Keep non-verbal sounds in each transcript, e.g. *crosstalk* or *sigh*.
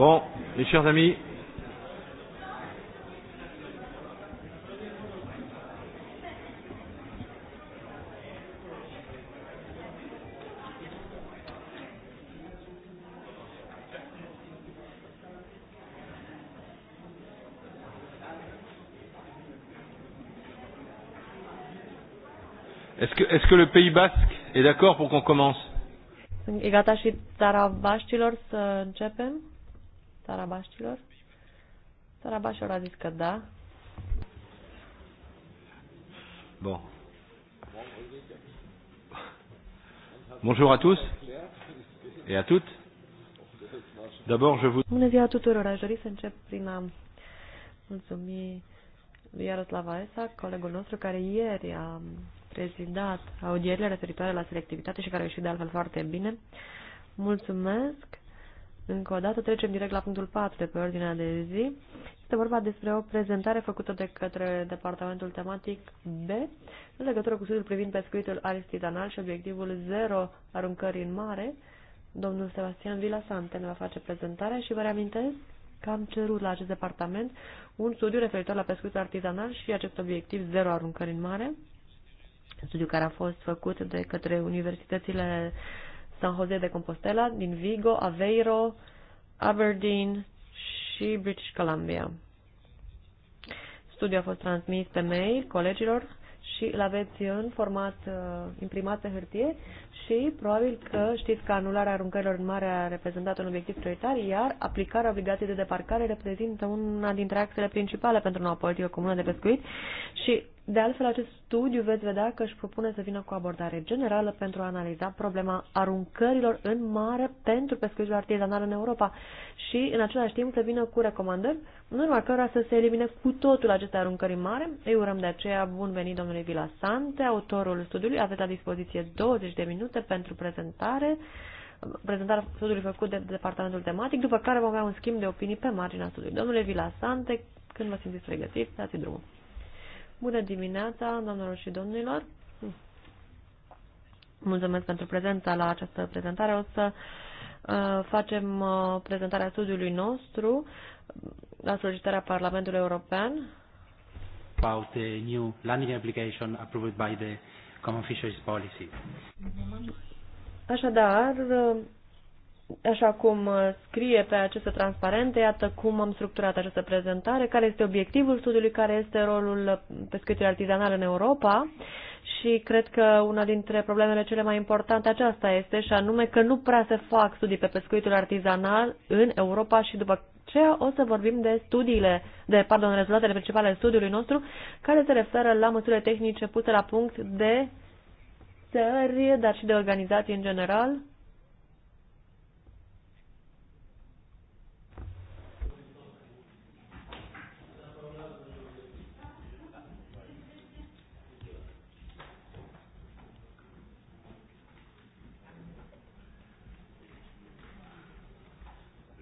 Bon, mes chers amis, Est-ce que, est que le Pays basque est d'accord pour qu'on commence E gata și țara baștilor să începem? Sarabaștilor? Sarabașilor a zis că da. Bon. Bonjour à tous et à toutes. D'abord, je vous... Bună ziua tuturor! Aș dori să încep prin a mulțumi lui Iaroslav Aesa, colegul nostru, care ieri a prezidat audierile referitoare la selectivitate și care a ieșit de altfel foarte bine. Mulțumesc încă o dată trecem direct la punctul 4 de pe ordinea de zi. Este vorba despre o prezentare făcută de către departamentul tematic B în legătură cu studiul privind pescuitul artisanal și obiectivul zero aruncări în mare. Domnul Sebastian Vilasante ne va face prezentarea și vă reamintesc că am cerut la acest departament un studiu referitor la pescuitul artizanal și acest obiectiv zero aruncări în mare, studiu care a fost făcut de către universitățile San Jose de Compostela, din Vigo, Aveiro, Aberdeen și British Columbia. Studiul a fost transmis pe mail colegilor și îl aveți în format uh, imprimat pe hârtie și probabil că știți că anularea aruncărilor în mare a reprezentat un obiectiv prioritar, iar aplicarea obligației de deparcare reprezintă una dintre axele principale pentru noua politică comună de pescuit și de altfel, acest studiu veți vedea că își propune să vină cu abordare generală pentru a analiza problema aruncărilor în mare pentru pescuitul artizanal în Europa și, în același timp, să vină cu recomandări în urma cărora să se elimine cu totul aceste aruncări în mare. Îi urăm de aceea bun venit domnului Vila Sante, autorul studiului. Aveți la dispoziție 20 de minute pentru prezentare prezentarea studiului făcut de departamentul tematic, după care vom avea un schimb de opinii pe marginea studiului. Domnule Vila Sante, când vă simțiți pregătit, dați drumul. Bună dimineața, doamnelor și domnilor! Mulțumesc pentru prezența la această prezentare. O să uh, facem uh, prezentarea studiului nostru la solicitarea Parlamentului European. About the new landing application approved by the Common Fisheries Policy. Așadar, uh, Așa cum uh, scrie pe aceste transparente, iată cum am structurat această prezentare, care este obiectivul studiului, care este rolul pescuitului artizanal în Europa și cred că una dintre problemele cele mai importante aceasta este și anume că nu prea se fac studii pe pescuitul artizanal în Europa și după ce o să vorbim de studiile, de, pardon, rezultatele principale ale studiului nostru, care se referă la măsurile tehnice puse la punct de țări, dar și de organizații în general,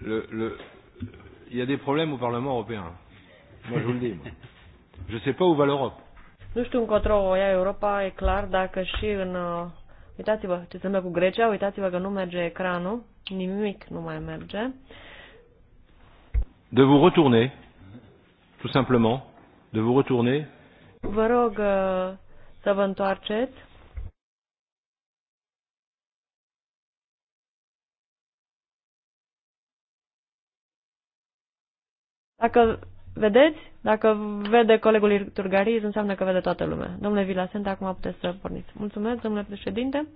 le, le, il y a des problèmes au Parlement européen. Moi, je vous le dis. Moi. *laughs* Je ne sais pas où va l'Europe. Nu știu încotro o ia Europa, e clar, dacă și în... Uh, uitați-vă ce se întâmplă cu Grecia, uitați-vă că nu merge ecranul, nimic nu mai merge. De vous retourner, tout simplement, de vous retourner. Vă rog uh, să vă întoarceți. Dacă vedeți, dacă vede colegul Turgariz, înseamnă că vede toată lumea. Domnule Vilasent, acum puteți să porniți. Mulțumesc, domnule președinte.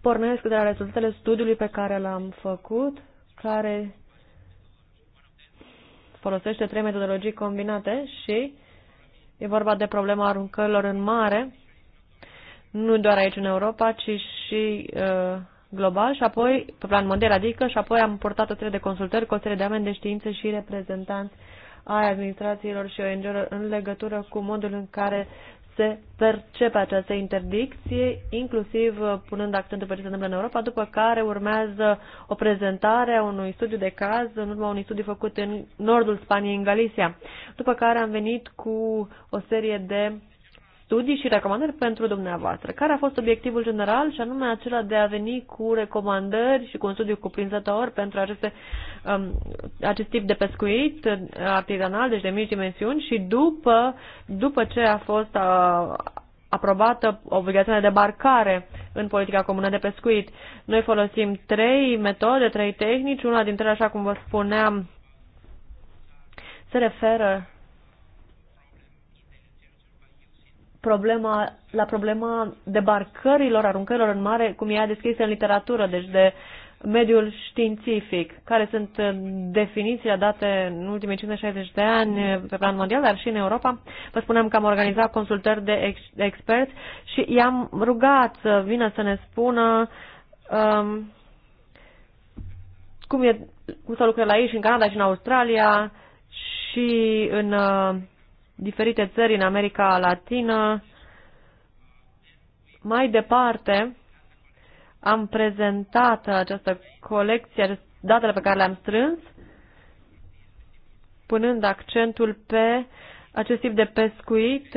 Pornesc de la rezultatele studiului pe care l-am făcut, care folosește trei metodologii combinate și e vorba de problema aruncărilor în mare, nu doar aici în Europa, ci și uh, global și apoi, pe plan mondial, adică, și apoi am portat o serie de consultări cu o serie de oameni de știință și reprezentanți ai administrațiilor și ONG-urilor în legătură cu modul în care se percepe această interdicție, inclusiv uh, punând accentul pe ce se întâmplă în Europa, după care urmează o prezentare a unui studiu de caz, în urma unui studiu făcut în nordul Spaniei, în Galicia. După care am venit cu o serie de studii și recomandări pentru dumneavoastră. Care a fost obiectivul general și anume acela de a veni cu recomandări și cu un studiu cuprinzător pentru aceste, um, acest tip de pescuit artizanal, deci de mici dimensiuni și după, după ce a fost uh, aprobată obligația de debarcare în politica comună de pescuit. Noi folosim trei metode, trei tehnici. Una dintre ele, așa cum vă spuneam, se referă problema, la problema debarcărilor, aruncărilor în mare, cum ea descrisă în literatură, deci de mediul științific, care sunt uh, definițiile date în ultimii 560 de ani uh, pe plan mondial, dar și în Europa. Vă spunem că am organizat consultări de, ex, experți și i-am rugat să vină să ne spună um, cum, e, cum se lucrează la ei și în Canada și în Australia și în uh, diferite țări în America Latină. Mai departe, am prezentat această colecție, datele pe care le-am strâns, punând accentul pe acest tip de pescuit,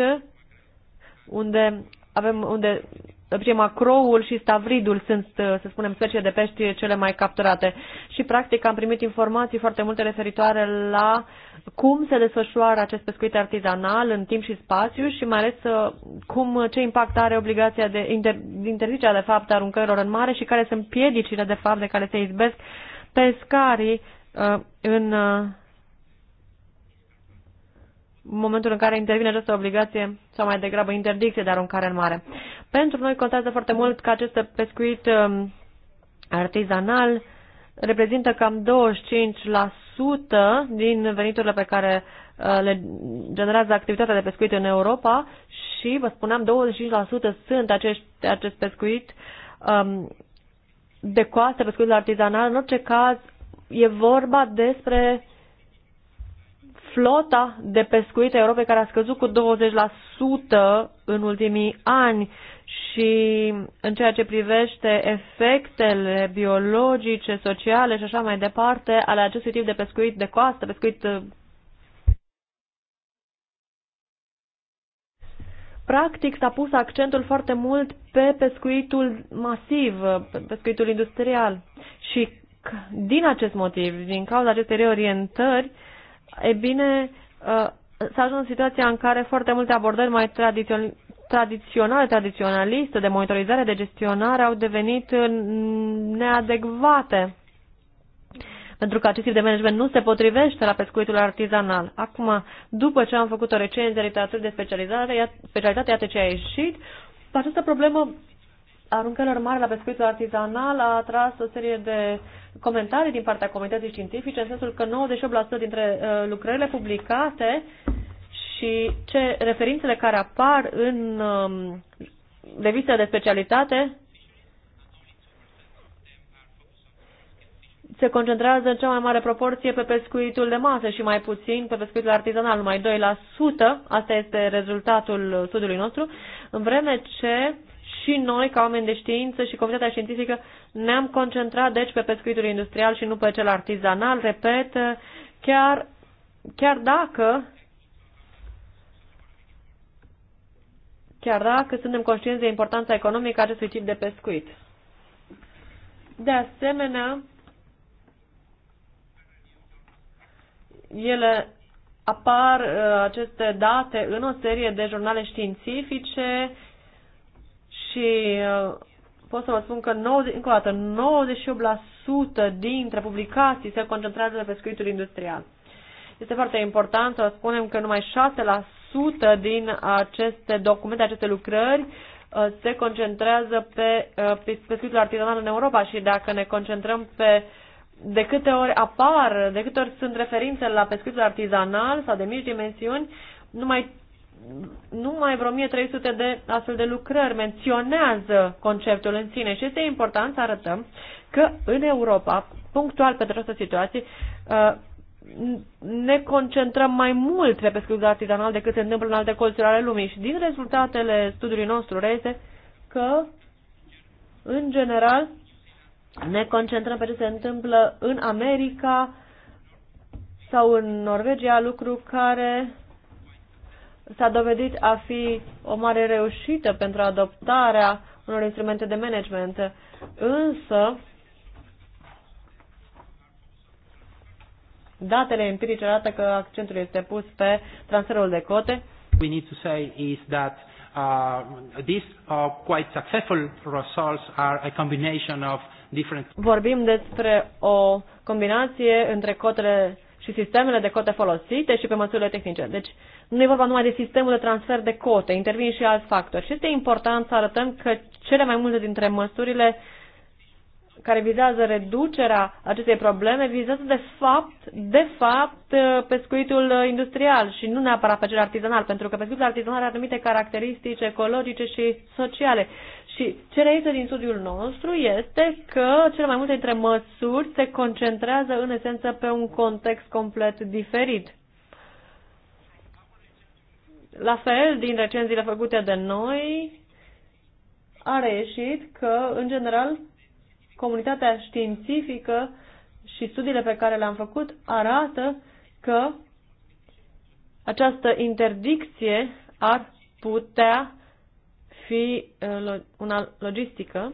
unde avem unde deci macroul și stavridul sunt, uh, să spunem, specii de pești cele mai capturate. Și, practic, am primit informații foarte multe referitoare la cum se desfășoară acest pescuit artizanal în timp și spațiu și mai ales uh, cum, uh, ce impact are obligația de inter, interzicerea, de fapt, aruncărilor în mare și care sunt piedicile, de fapt, de care se izbesc pescarii în momentul în care intervine această obligație sau mai degrabă interdicție de aruncare în mare. Pentru noi contează foarte mult că acest pescuit um, artizanal reprezintă cam 25% din veniturile pe care uh, le generează activitatea de pescuit în Europa și, vă spuneam, 25% sunt acești, acest pescuit um, de coastă, pescuitul artizanal. În orice caz, e vorba despre flota de pescuit a Europei care a scăzut cu 20% în ultimii ani și în ceea ce privește efectele biologice, sociale și așa mai departe ale acestui tip de pescuit de coastă, pescuit uh, Practic s-a pus accentul foarte mult pe pescuitul masiv, pe pescuitul industrial și din acest motiv, din cauza acestei reorientări, e bine, ă, s-a ajuns în situația în care foarte multe abordări mai tradiționale, tradiționaliste, de monitorizare, de gestionare, au devenit ă, neadecvate. Pentru că acest tip de management nu se potrivește la pescuitul artizanal. Acum, după ce am făcut o recenzie literatură de specializare, specialitate, iată ce a ieșit, această problemă aruncărilor mari la pescuitul artizanal a atras o serie de comentarii din partea comunității științifice, în sensul că 98% dintre uh, lucrările publicate și ce referințele care apar în uh, um, revistele de specialitate se concentrează în cea mai mare proporție pe pescuitul de masă și mai puțin pe pescuitul artizanal, numai 2%, asta este rezultatul studiului nostru, în vreme ce și noi, ca oameni de știință și comunitatea științifică, ne-am concentrat, deci, pe pescuitul industrial și nu pe cel artizanal, repet, chiar, chiar dacă chiar dacă suntem conștienți de importanța economică a acestui tip de pescuit. De asemenea, ele apar uh, aceste date în o serie de jurnale științifice și uh, pot să vă spun că 90, încă o dată, 98% dintre publicații se concentrează pe pescuitul industrial. Este foarte important să vă spunem că numai 6% din aceste documente, aceste lucrări, uh, se concentrează uh, pe pescuitul artizanal în Europa și dacă ne concentrăm pe de câte ori apar, de câte ori sunt referințe la pescuitul artizanal sau de mici dimensiuni, numai numai vreo 1300 de astfel de lucrări menționează conceptul în sine și este important să arătăm că în Europa, punctual pe această situație, uh, ne concentrăm mai mult pe pescuitul artizanal decât se întâmplă în alte colțuri ale lumii și din rezultatele studiului nostru reiese că, în general, ne concentrăm pe ce se întâmplă în America sau în Norvegia, lucru care s-a dovedit a fi o mare reușită pentru adoptarea unor instrumente de management. Însă, datele empirice arată că accentul este pus pe transferul de cote. We need to say is that uh, these uh, quite successful results are a combination of different. Vorbim despre o combinație între cotele și sistemele de cote folosite și pe măsurile tehnice. Deci nu e vorba numai de sistemul de transfer de cote, intervin și alți factori. Și este important să arătăm că cele mai multe dintre măsurile care vizează reducerea acestei probleme vizează de fapt, de fapt pescuitul industrial și nu neapărat pe cel artizanal, pentru că pescuitul artizanal are anumite caracteristici ecologice și sociale și ce reiese din studiul nostru este că cele mai multe dintre măsuri se concentrează în esență pe un context complet diferit. La fel, din recenziile făcute de noi, a reieșit că, în general, comunitatea științifică și studiile pe care le-am făcut arată că această interdicție ar putea fi uh, una logistică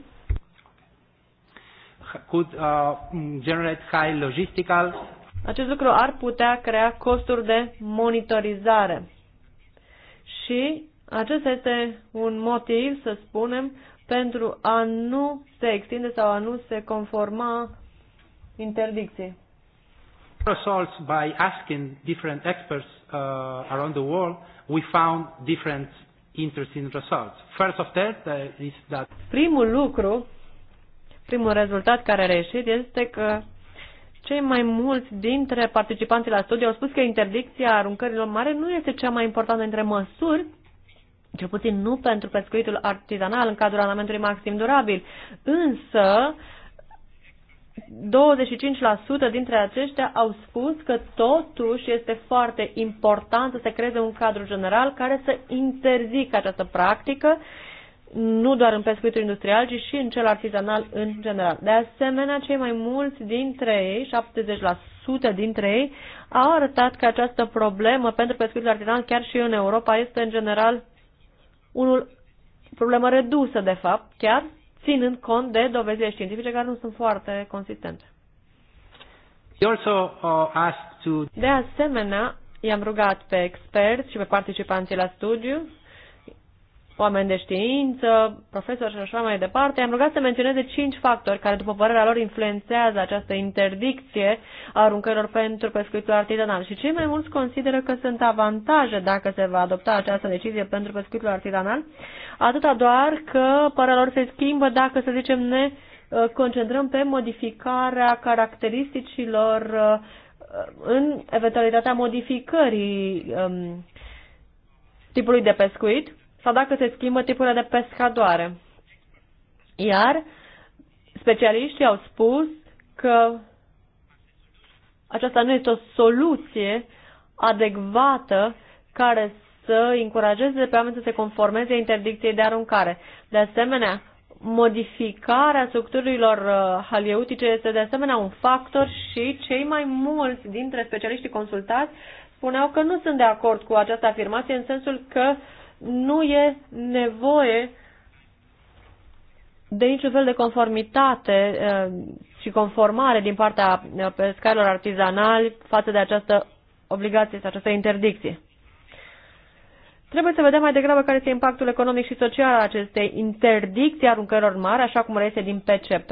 could uh, generate high logistical acest lucru ar putea crea costuri de monitorizare. Și acesta este un motiv, să spunem, pentru a nu se extinde sau a nu se conforma interdicției. Results by asking different experts uh, around the world, we found different interesting results. First of that uh, is that primul lucru, primul rezultat care a reieșit este că cei mai mulți dintre participanții la studiu au spus că interdicția aruncărilor mare nu este cea mai importantă dintre măsuri, cel puțin nu pentru pescuitul artizanal în cadrul randamentului maxim durabil. Însă, 25% dintre aceștia au spus că totuși este foarte important să se creeze un cadru general care să interzică această practică, nu doar în pescuitul industrial, ci și în cel artizanal în general. De asemenea, cei mai mulți dintre ei, 70% dintre ei, au arătat că această problemă pentru pescuitul artizanal, chiar și în Europa, este în general unul problemă redusă, de fapt, chiar ținând cont de dovezile științifice care nu sunt foarte consistente. Uh, de asemenea, i-am rugat pe experți și pe participanții la studiu oameni de știință, profesori și așa mai departe, am rugat să menționeze cinci factori care, după părerea lor, influențează această interdicție a aruncărilor pentru pescuitul artizanal. Și cei mai mulți consideră că sunt avantaje dacă se va adopta această decizie pentru pescuitul artizanal, atâta doar că părerea lor se schimbă dacă, să zicem, ne uh, concentrăm pe modificarea caracteristicilor uh, în eventualitatea modificării um, tipului de pescuit sau dacă se schimbă tipurile de pescadoare. Iar specialiștii au spus că aceasta nu este o soluție adecvată care să încurajeze pe oameni să se conformeze interdicției de aruncare. De asemenea, modificarea structurilor uh, halieutice este de asemenea un factor și cei mai mulți dintre specialiștii consultați spuneau că nu sunt de acord cu această afirmație în sensul că uh, nu e nevoie de niciun fel de conformitate eh, și conformare din partea eh, pescarilor artizanali față de această obligație sau această interdicție. Trebuie să vedem mai degrabă care este impactul economic și social al acestei interdicții aruncărilor mari, așa cum reiese din PCP.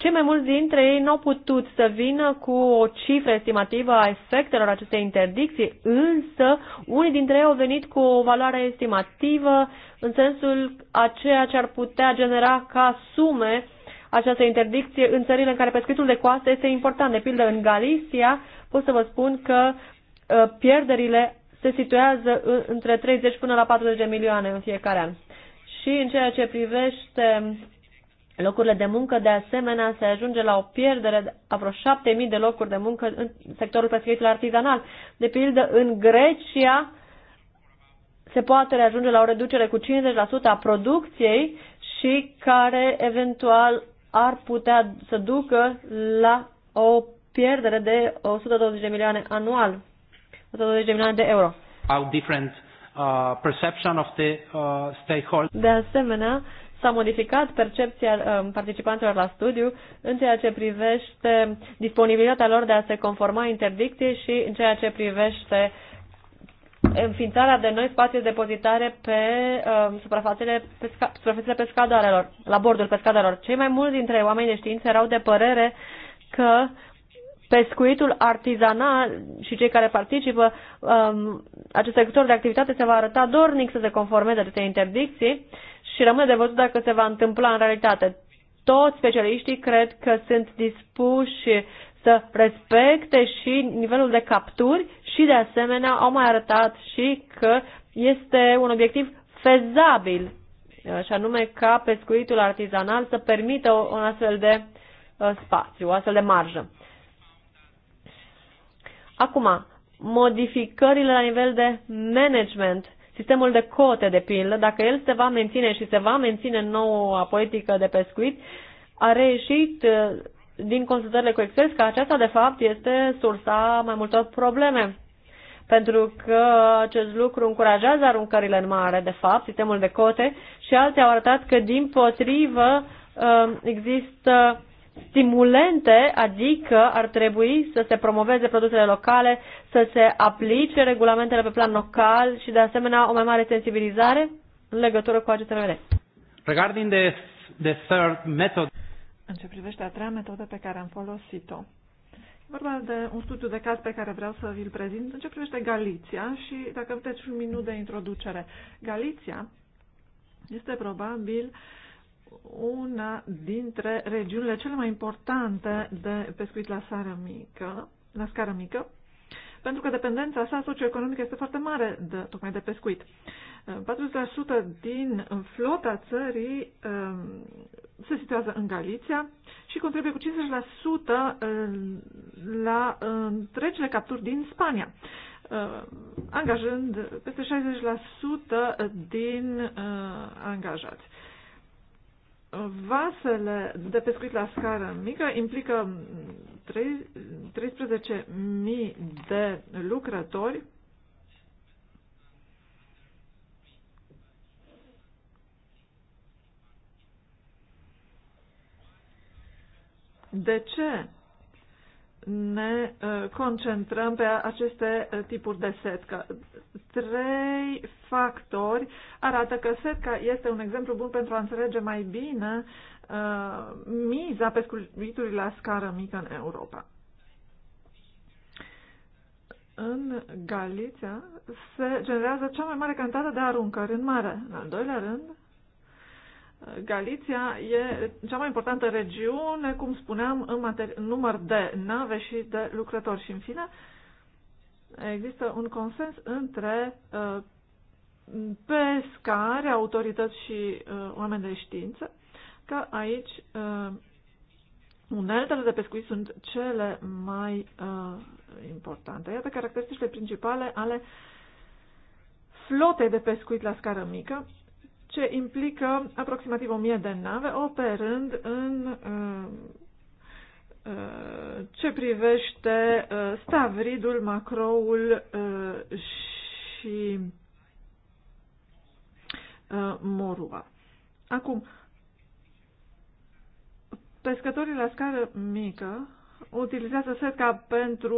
Cei mai mulți dintre ei n-au putut să vină cu o cifră estimativă a efectelor acestei interdicții, însă unii dintre ei au venit cu o valoare estimativă în sensul a ceea ce ar putea genera ca sume această interdicție în țările în care pescuitul de coastă este important. De pildă, în Galicia, pot să vă spun că uh, pierderile se situează între 30 până la 40 de milioane în fiecare an. Și în ceea ce privește în locurile de muncă, de asemenea, se ajunge la o pierdere de vreo 7.000 de locuri de muncă în sectorul pescuitului artizanal. De pildă, în Grecia se poate reajunge la o reducere cu 50% a producției și care eventual ar putea să ducă la o pierdere de 120 de milioane anual, 120 de milioane de euro. How different uh, perception of the uh, stakeholders. De asemenea, s-a modificat percepția uh, participanților la studiu în ceea ce privește disponibilitatea lor de a se conforma interdicției și în ceea ce privește înființarea de noi spații de depozitare pe um, uh, suprafețele, pesca, suprafețele pescadoarelor, la bordul pescadoarelor. Cei mai mulți dintre oamenii de știință erau de părere că uh, pescuitul artizanal și cei care participă, um, acest sector de activitate se va arăta dornic să se conformeze acestei interdicții și rămâne de văzut dacă se va întâmpla în realitate. Toți specialiștii cred că sunt dispuși să respecte și nivelul de capturi și de asemenea au mai arătat și că este un obiectiv fezabil și anume ca pescuitul artizanal să permită un astfel de uh, spațiu, o astfel de marjă. Acum, modificările la nivel de management, sistemul de cote, de pildă, dacă el se va menține și se va menține noua politică de pescuit, a reieșit uh, din consultările cu Excel că aceasta, de fapt, este sursa mai multor probleme. Pentru că acest lucru încurajează aruncările în mare, de fapt, sistemul de cote, și alții au arătat că, din potrivă, uh, există stimulente, adică ar trebui să se promoveze produsele locale, să se aplice regulamentele pe plan local și de asemenea o mai mare sensibilizare în legătură cu aceste remede. Regarding the, the third method. În ce privește a treia metodă pe care am folosit-o. vorba de un studiu de caz pe care vreau să vi-l prezint în ce privește Galiția și dacă puteți un minut de introducere. Galiția este probabil uh, una dintre regiunile cele mai importante de pescuit la scară mică, la scară mică, pentru că dependența sa socioeconomică este foarte mare de, tocmai de pescuit. 40% din flota țării um, se situează în Galiția și contribuie cu 50% la uh, uh, întregile capturi din Spania, uh, angajând peste 60% din angajați. Vasele de pescuit la scară mică implică 13.000 de lucrători De ce ne uh, concentrăm pe aceste uh, tipuri de setcă. Trei factori arată că setca este un exemplu bun pentru a înțelege mai bine uh, miza pescuitului la scară mică în Europa. În Galicia se generează cea mai mare cantitate de aruncări în mare. În al doilea rând, Galiția e cea mai importantă regiune, cum spuneam, în, număr de nave și de lucrători. Și, în fine, există un consens între uh, pescari, autorități și uh, oameni de știință că aici uh, uneltele de pescuit sunt cele mai importante. Iată caracteristicile principale ale flotei de pescuit la scară mică ce implică aproximativ 1000 de nave operând în uh, uh, ce privește uh, stavridul, macroul și morua. Acum, pescătorii la scară mică utilizează setca pentru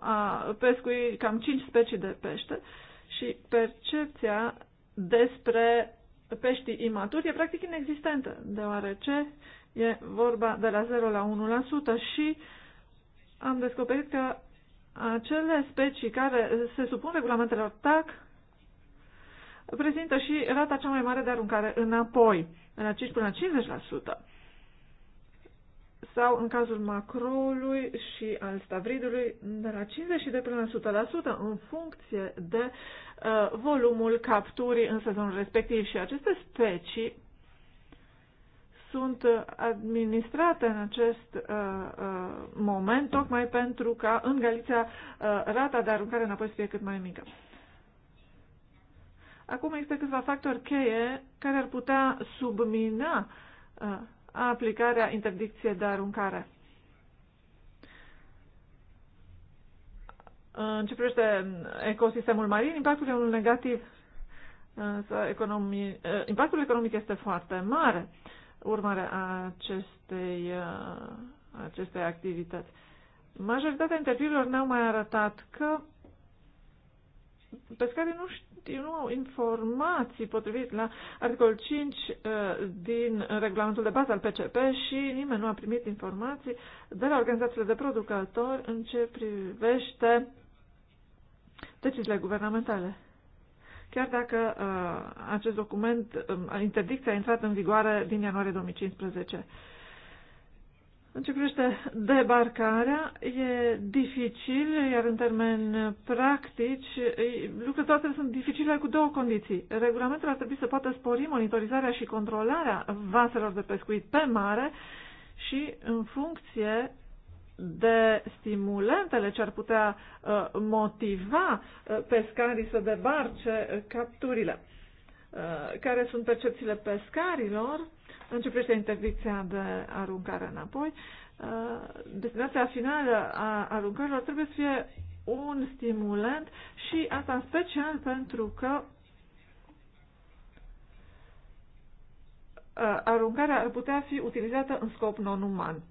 a pescui cam 5 specii de pește și percepția despre peștii imaturi e practic inexistentă, deoarece e vorba de la 0 la 1% și am descoperit că acele specii care se supun regulamentelor TAC prezintă și rata cea mai mare de aruncare înapoi, de la 5 până la 50%. Sau în cazul macrolului și al stavridului, de la 50 de până la 100%, în funcție de Uh, volumul capturii în sezonul respectiv și aceste specii sunt uh, administrate în acest uh, uh, moment, tocmai pentru ca în Galiția uh, rata de aruncare înapoi să fie cât mai mică. Acum există câțiva factori cheie care ar putea submina uh, aplicarea interdicției de aruncare. În ce privește ecosistemul marin, impactul e unul negativ. Însă impactul economic este foarte mare urmare a acestei, acestei activități. Majoritatea interviurilor ne-au mai arătat că pescarii nu știu nu au informații potrivit la articolul 5 uh, din regulamentul de bază al PCP și nimeni nu a primit informații de la organizațiile de producători în ce privește deciziile guvernamentale. Chiar dacă uh, acest document, uh, interdicția a intrat în vigoare din ianuarie 2015. În ce privește debarcarea, e dificil, iar în termeni practici, lucrătoarele sunt dificile cu două condiții. Regulamentul ar trebui să poată spori monitorizarea și controlarea vaselor de pescuit pe mare și în funcție de stimulentele ce ar putea uh, motiva uh, pescarii să debarce uh, capturile. Care sunt percepțiile pescarilor în ce privește interdicția de aruncare înapoi? Destinația finală a aruncărilor trebuie să fie un stimulant și asta în special pentru că aruncarea ar putea fi utilizată în scop non-uman.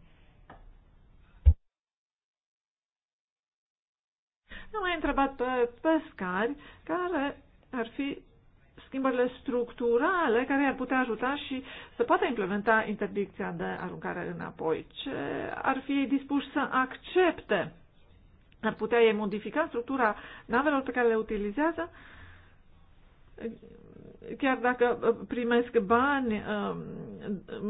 Am mai întrebat pe pescari care ar fi schimbările structurale care ar putea ajuta și să poată implementa interdicția de aruncare înapoi. Ce ar fi ei dispuși să accepte? Ar putea ei modifica structura navelor pe care le utilizează? chiar dacă uh, primesc bani, um,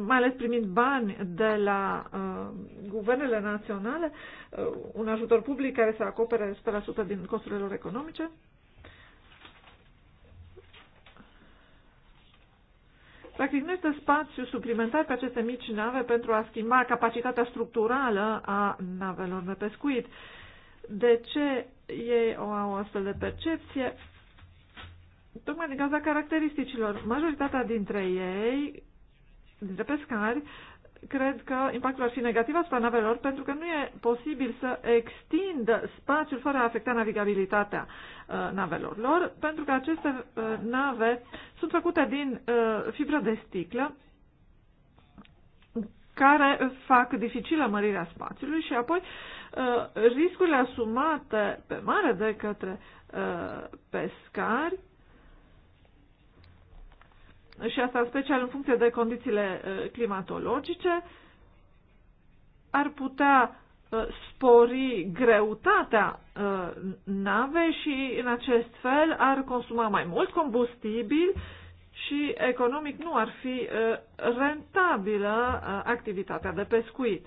mai ales primind bani de la um, guvernele naționale, uh, un ajutor public care să acopere 100% din costurile lor economice, Practic, nu este spațiu suplimentar pe aceste mici nave pentru a schimba capacitatea structurală a navelor de pescuit. De ce ei au astfel de percepție? tocmai din cauza caracteristicilor. Majoritatea dintre ei, dintre pescari, cred că impactul ar fi negativ asupra navelor pentru că nu e posibil să extindă spațiul fără a afecta navigabilitatea uh, navelor lor, pentru că aceste uh, nave sunt făcute din uh, fibră de sticlă care fac dificilă mărirea spațiului și apoi riscurile asumate pe mare de către pescari și asta în special în funcție de condițiile uh, climatologice, ar putea uh, spori greutatea uh, navei și în acest fel ar consuma mai mult combustibil și economic nu ar fi rentabilă activitatea de pescuit.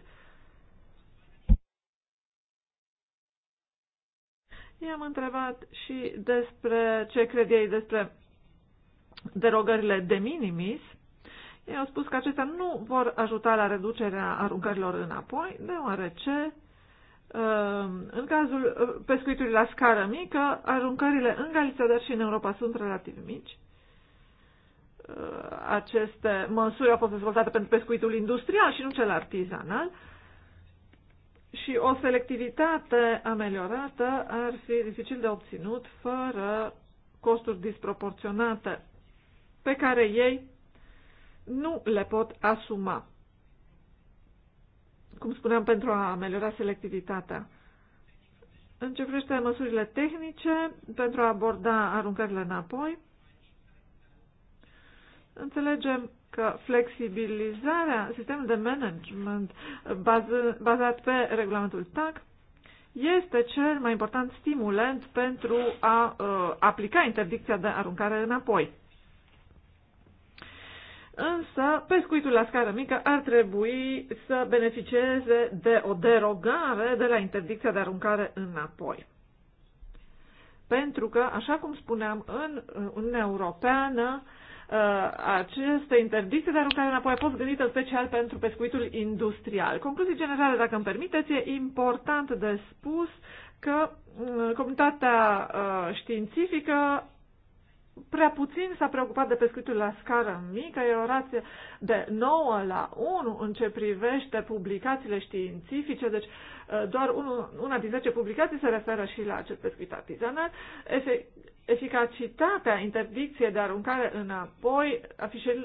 I-am întrebat și despre ce cred ei despre derogările de minimis, ei au spus că acestea nu vor ajuta la reducerea aruncărilor înapoi, deoarece uh, în cazul uh, pescuitului la scară mică, aruncările în Galicia, dar și în Europa sunt relativ mici. Uh, aceste măsuri au fost dezvoltate pentru pescuitul industrial și nu cel artizanal și o selectivitate ameliorată ar fi dificil de obținut fără costuri disproporționate pe care ei nu le pot asuma. Cum spuneam, pentru a ameliora selectivitatea. În ce privește măsurile tehnice pentru a aborda aruncările înapoi, înțelegem că flexibilizarea sistemului de management bază, bazat pe regulamentul TAC este cel mai important stimulant pentru a uh, aplica interdicția de aruncare înapoi. Însă, pescuitul la scară mică ar trebui să beneficieze de o derogare de la interdicția de aruncare înapoi. Pentru că, așa cum spuneam, în Uniunea Europeană, ă, aceste interdicții de aruncare înapoi a fost gândită special pentru pescuitul industrial. Concluzii generale, dacă îmi permiteți, e important de spus că ă, comunitatea ă, științifică prea puțin s-a preocupat de pescuitul la scară mică, e o rație de 9 la 1 în ce privește publicațiile științifice, deci uh, doar una din 10 publicații se referă și la acest pescuit artizanal. Eficacitatea interdicției de aruncare înapoi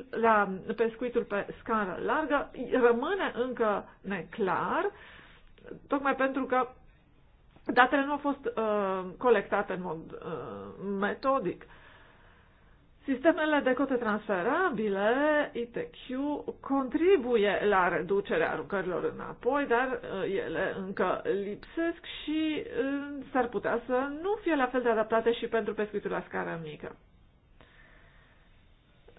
la pescuitul pe scară largă rămâne încă neclar, tocmai pentru că datele nu au fost uh, colectate în mod uh, metodic. Uh, Sistemele de cote transferabile, ITQ, contribuie la reducerea aruncărilor înapoi, dar uh, ele încă lipsesc și uh, s-ar putea să nu fie la fel de adaptate și pentru pescuitul la scară mică.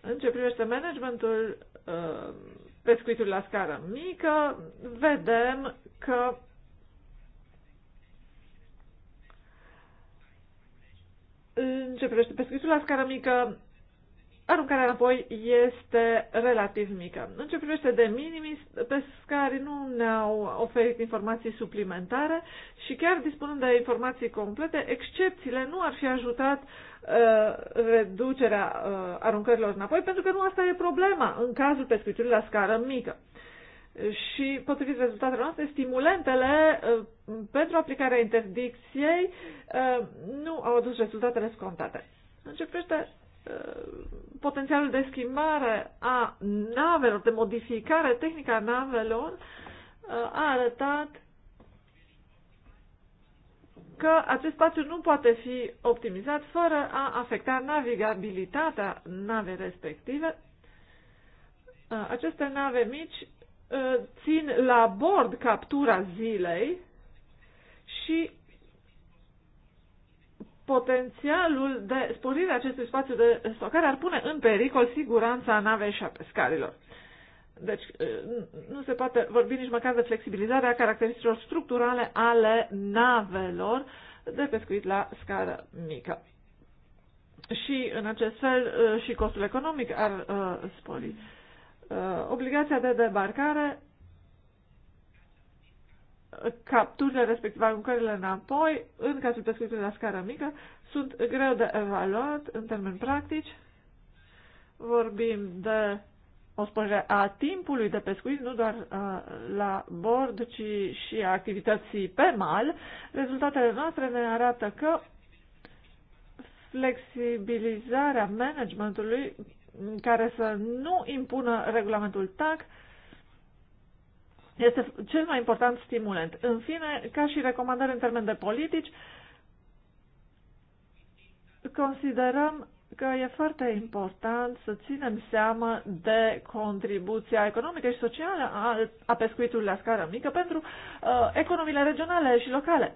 În ce privește managementul uh, pescuitului la scară mică, vedem că în ce privește pescuitul la scară mică, aruncarea înapoi este relativ mică. În ce privește de minimis, pescarii nu ne-au oferit informații suplimentare și chiar dispunând de informații complete, excepțiile nu ar fi ajutat uh, reducerea uh, aruncărilor înapoi, pentru că nu asta e problema în cazul pescuitului la scară mică. Și, potrivit rezultatelor noastre, stimulentele uh, pentru aplicarea interdicției nu au adus rezultatele scontate. În ce privește potențialul de schimbare a navelor, de modificare tehnică a navelor, uh, a arătat că acest spațiu nu poate fi optimizat fără a afecta navigabilitatea navei respective. Uh, aceste nave mici uh, țin la bord captura zilei și potențialul de sporire a acestui spațiu de stocare ar pune în pericol siguranța navei și a pescarilor. Deci nu se poate vorbi nici măcar de flexibilizarea caracteristicilor structurale ale navelor de pescuit la scară mică. Și în acest fel și costul economic ar uh, spori. Uh, obligația de debarcare capturile respective, aruncările înapoi, în cazul pescuitului la scară mică, sunt greu de evaluat în termeni practici. Vorbim de o spăjare a timpului de pescuit, nu doar uh, la bord, ci și a activității pe mal. Rezultatele noastre ne arată că flexibilizarea managementului care să nu impună regulamentul TAC este cel mai important stimulant. În fine, ca și recomandări în termen de politici, considerăm că e foarte important să ținem seama de contribuția economică și socială a pescuitului la scară mică pentru uh, economiile regionale și locale,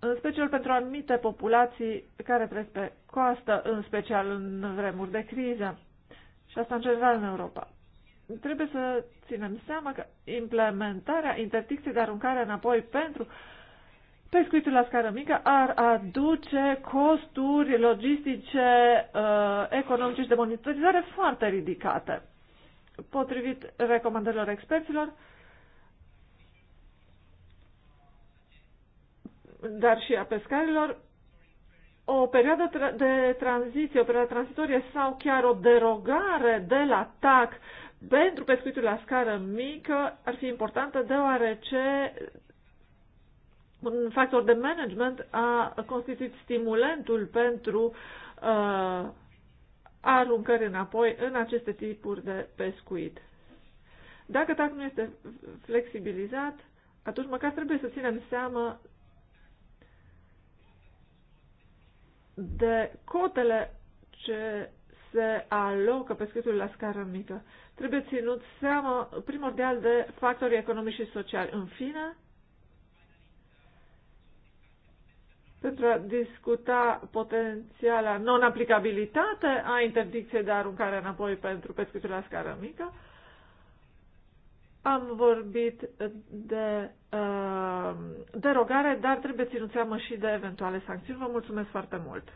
în special pentru anumite populații care trăiesc pe coastă, în special în vremuri de criză și asta în general în Europa trebuie să ținem seama că implementarea interdicției de aruncare înapoi pentru pescuitul la scară mică ar aduce costuri logistice, uh, economice și de monitorizare foarte ridicate. Potrivit recomandărilor experților, dar și a pescarilor, o perioadă de tranziție, o perioadă tranzitorie sau chiar o derogare de la TAC uh, pentru pescuitul la scară mică ar fi importantă deoarece un factor de management a constituit stimulentul pentru uh, aruncări înapoi în aceste tipuri de pescuit. Dacă TAC nu este flexibilizat, atunci măcar trebuie să ținem seama de cotele ce se alocă pescuitul la scară mică. Trebuie ținut seama primordial de factorii economici și sociali. În fine, pentru a discuta potențiala non-aplicabilitate a interdicției de aruncare înapoi pentru pescuitul la scară mică, am vorbit de uh, derogare, dar trebuie ținut seama și de eventuale sancțiuni. Vă mulțumesc foarte mult!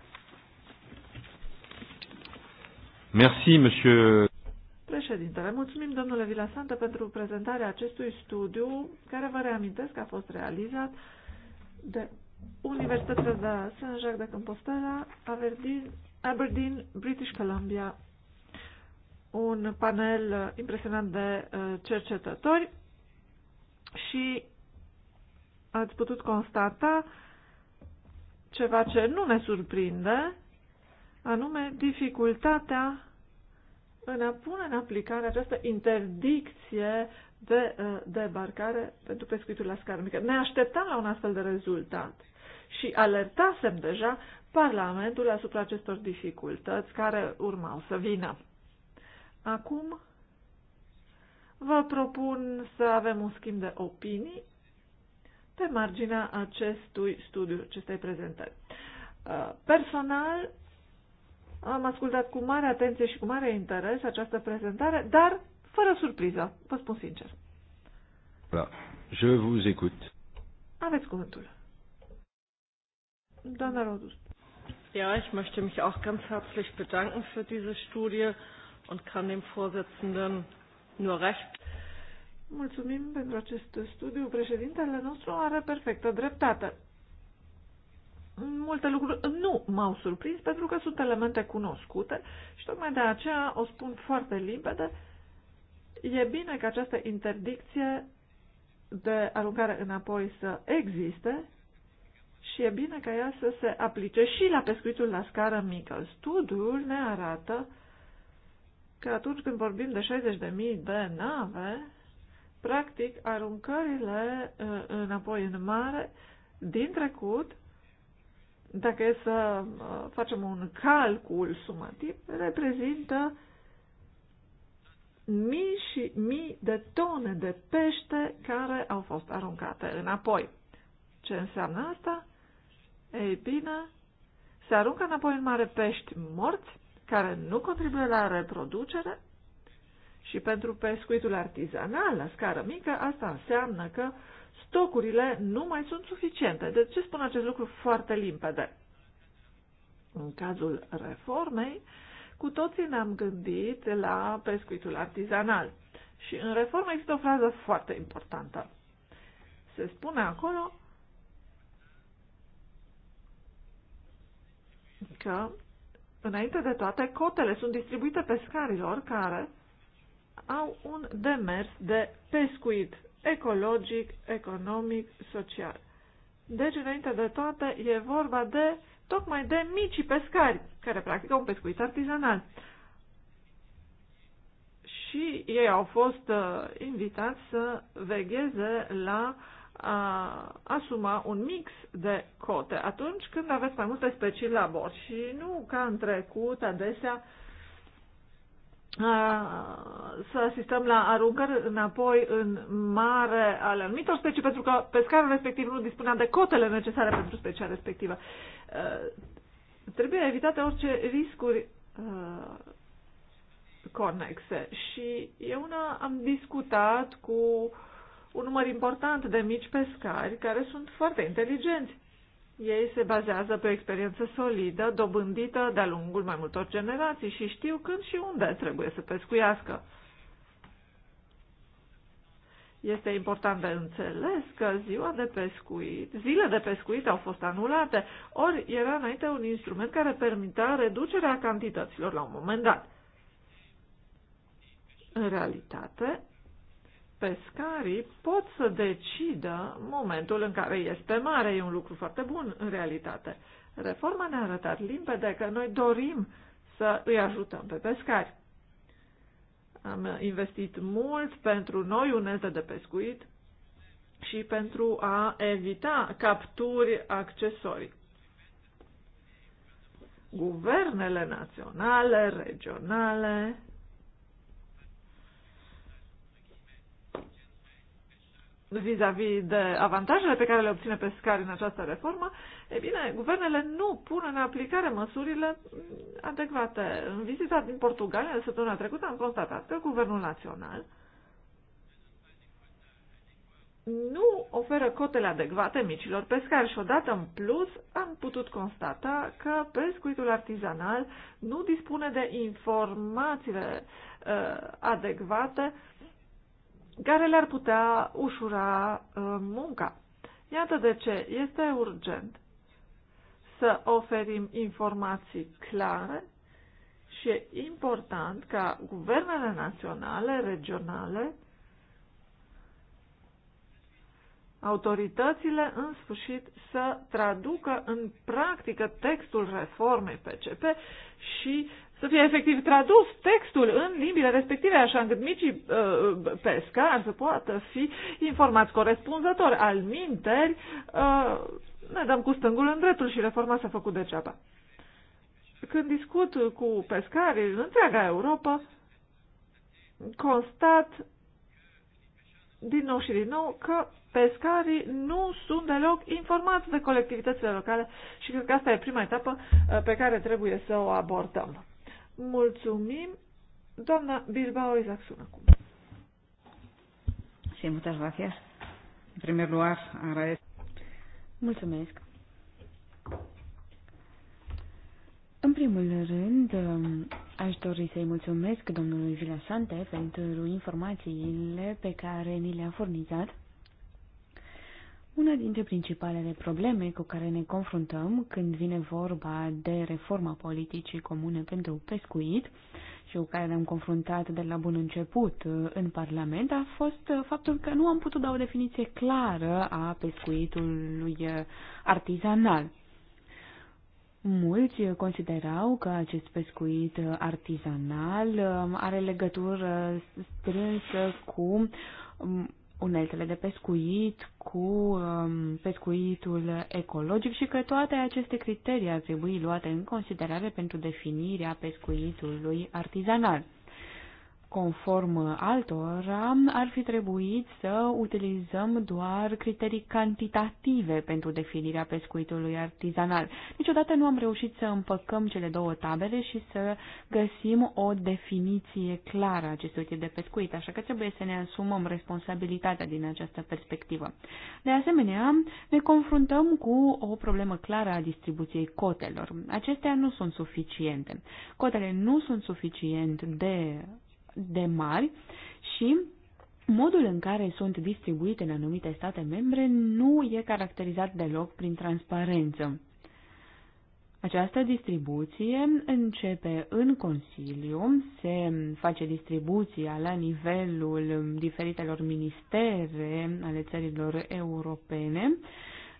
Merci, monsieur. Președintele, mulțumim domnule Vilasante pentru prezentarea acestui studiu, care vă reamintesc că a fost realizat de Universitatea de Saint-Jacques de Compostela, Aberdeen, Aberdeen, British Columbia. Un panel uh, impresionant de uh, cercetători și ați putut constata ceva ce nu ne surprinde, anume dificultatea în a pune în aplicare această interdicție de uh, debarcare pentru pescuitul la scară mică. Ne așteptam la un astfel de rezultat și alertasem deja Parlamentul asupra acestor dificultăți care urmau să vină. Acum vă propun să avem un schimb de opinii pe marginea acestui studiu, acestei prezentări. Uh, personal, am ascultat cu mare atenție și cu mare interes această prezentare, dar fără surpriză, vă spun sincer. Da. Je vous écoute. Aveți cuvântul. Doamna Rodus. Ja, ich möchte mich auch ganz herzlich bedanken für diese Studie und kann dem Vorsitzenden nur recht. Mulțumim pentru acest studiu. Președintele nostru are perfectă dreptate multe lucruri nu m-au surprins pentru că sunt elemente cunoscute și tocmai de aceea o spun foarte limpede. E bine că această interdicție de aruncare înapoi să existe și e bine ca ea să se aplice și la pescuitul la scară mică. Studiul ne arată că atunci când vorbim de 60.000 de nave, practic aruncările uh, înapoi în mare din trecut dacă e să uh, facem un calcul sumativ, reprezintă mii și mii de tone de pește care au fost aruncate înapoi. Ce înseamnă asta? Ei bine, se aruncă înapoi în mare pești morți care nu contribuie la reproducere și pentru pescuitul artizanal la scară mică, asta înseamnă că uh, stocurile nu mai sunt suficiente. De ce spun acest lucru foarte limpede? În cazul reformei, cu toții ne-am gândit la pescuitul artizanal. Și în reformă există o frază foarte importantă. Se spune acolo că, înainte de toate, cotele sunt distribuite pescarilor care au un demers de pescuit ecologic, economic, social. Deci, înainte de toate, e vorba de tocmai de micii pescari care practică un pescuit artizanal. Și ei au fost uh, invitați să vegheze la a asuma un mix de cote atunci când aveți mai multe specii la bord și nu ca în trecut adesea uh, să asistăm la aruncări înapoi în mare ale anumitor specii, pentru că pescarul respectiv nu dispunea de cotele necesare pentru specia respectivă. Trebuie evitate orice riscuri conexe și eu una am discutat cu un număr important de mici pescari care sunt foarte inteligenți ei se bazează pe o experiență solidă, dobândită de-a lungul mai multor generații și știu când și unde trebuie să pescuiască. Este important de înțeles că ziua de pescuit, zile de pescuit au fost anulate, ori era înainte un instrument care permitea reducerea cantităților la un moment dat. În realitate, pescarii pot să decidă momentul în care ies pe mare. E un lucru foarte bun în realitate. Reforma ne-a arătat limpede că noi dorim să îi ajutăm pe pescari. Am investit mult pentru noi unelte de pescuit și pentru a evita capturi accesorii. Guvernele naționale, regionale, vis-a-vis -vis de avantajele pe care le obține pescarii în această reformă, e bine, guvernele nu pun în aplicare măsurile adecvate. În vizita din Portugalia de săptămâna trecută am constatat că Guvernul Național nu oferă cotele adecvate micilor pescari și odată în plus am putut constata că pescuitul artizanal nu dispune de informațiile uh, adecvate uh, care le-ar putea ușura uh, munca. Iată de ce este urgent să oferim informații clare și e important ca guvernele naționale, regionale, autoritățile, în sfârșit, să traducă în practică textul reformei PCP și să fie efectiv tradus textul în limbile respective, așa încât micii uh, pescari să poată fi informați corespunzători. Al minteri, uh, ne dăm cu stângul în dreptul și reforma s-a făcut degeaba. Când discut cu pescari în întreaga Europa, constat din nou și din nou că pescarii nu sunt deloc informați de colectivitățile locale și cred că asta e prima etapă uh, pe care trebuie să o abordăm. Mulțumim. Doamna Bilbao Isaacson acum. Sí, muchas gracias. En primer lugar, agradezco. Mulțumesc. În primul rând, aș dori să-i mulțumesc domnului Sante pentru informațiile pe care ni le-a furnizat. Una dintre principalele probleme cu care ne confruntăm când vine vorba de reforma politicii comune pentru pescuit și cu care ne-am confruntat de la bun început uh, în Parlament a fost uh, faptul că nu am putut da o definiție clară a pescuitului uh, artizanal. Mulți considerau că acest pescuit artizanal are legătură strânsă cu um, uneltele de pescuit, cu um, pescuitul ecologic și că toate aceste criterii ar trebui luate în considerare pentru definirea pescuitului artizanal conform altora, ar fi trebuit să utilizăm doar criterii cantitative pentru definirea pescuitului artizanal. Niciodată nu am reușit să împăcăm cele două tabere și să găsim o definiție clară a acestui tip de pescuit, așa că trebuie să ne asumăm responsabilitatea din această perspectivă. De asemenea, ne confruntăm cu o problemă clară a distribuției cotelor. Acestea nu sunt suficiente. Cotele nu sunt suficient de de mari și modul în care sunt distribuite în anumite state membre nu e caracterizat deloc prin transparență. Această distribuție începe în Consiliu, se face distribuția la nivelul diferitelor ministere ale țărilor europene,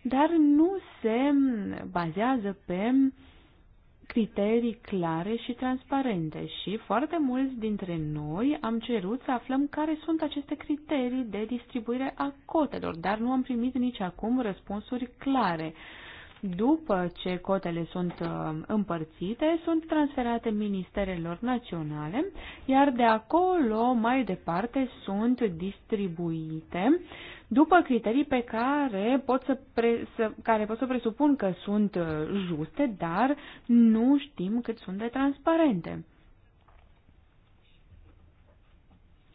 dar nu se bazează pe criterii clare și transparente și foarte mulți dintre noi am cerut să aflăm care sunt aceste criterii de distribuire a cotelor, dar nu am primit nici acum răspunsuri clare. După ce cotele sunt uh, împărțite, sunt transferate ministerelor naționale, iar de acolo mai departe sunt distribuite după criterii pe care pot să, pre, să, care pot să presupun că sunt uh, juste, dar nu știm cât sunt de transparente.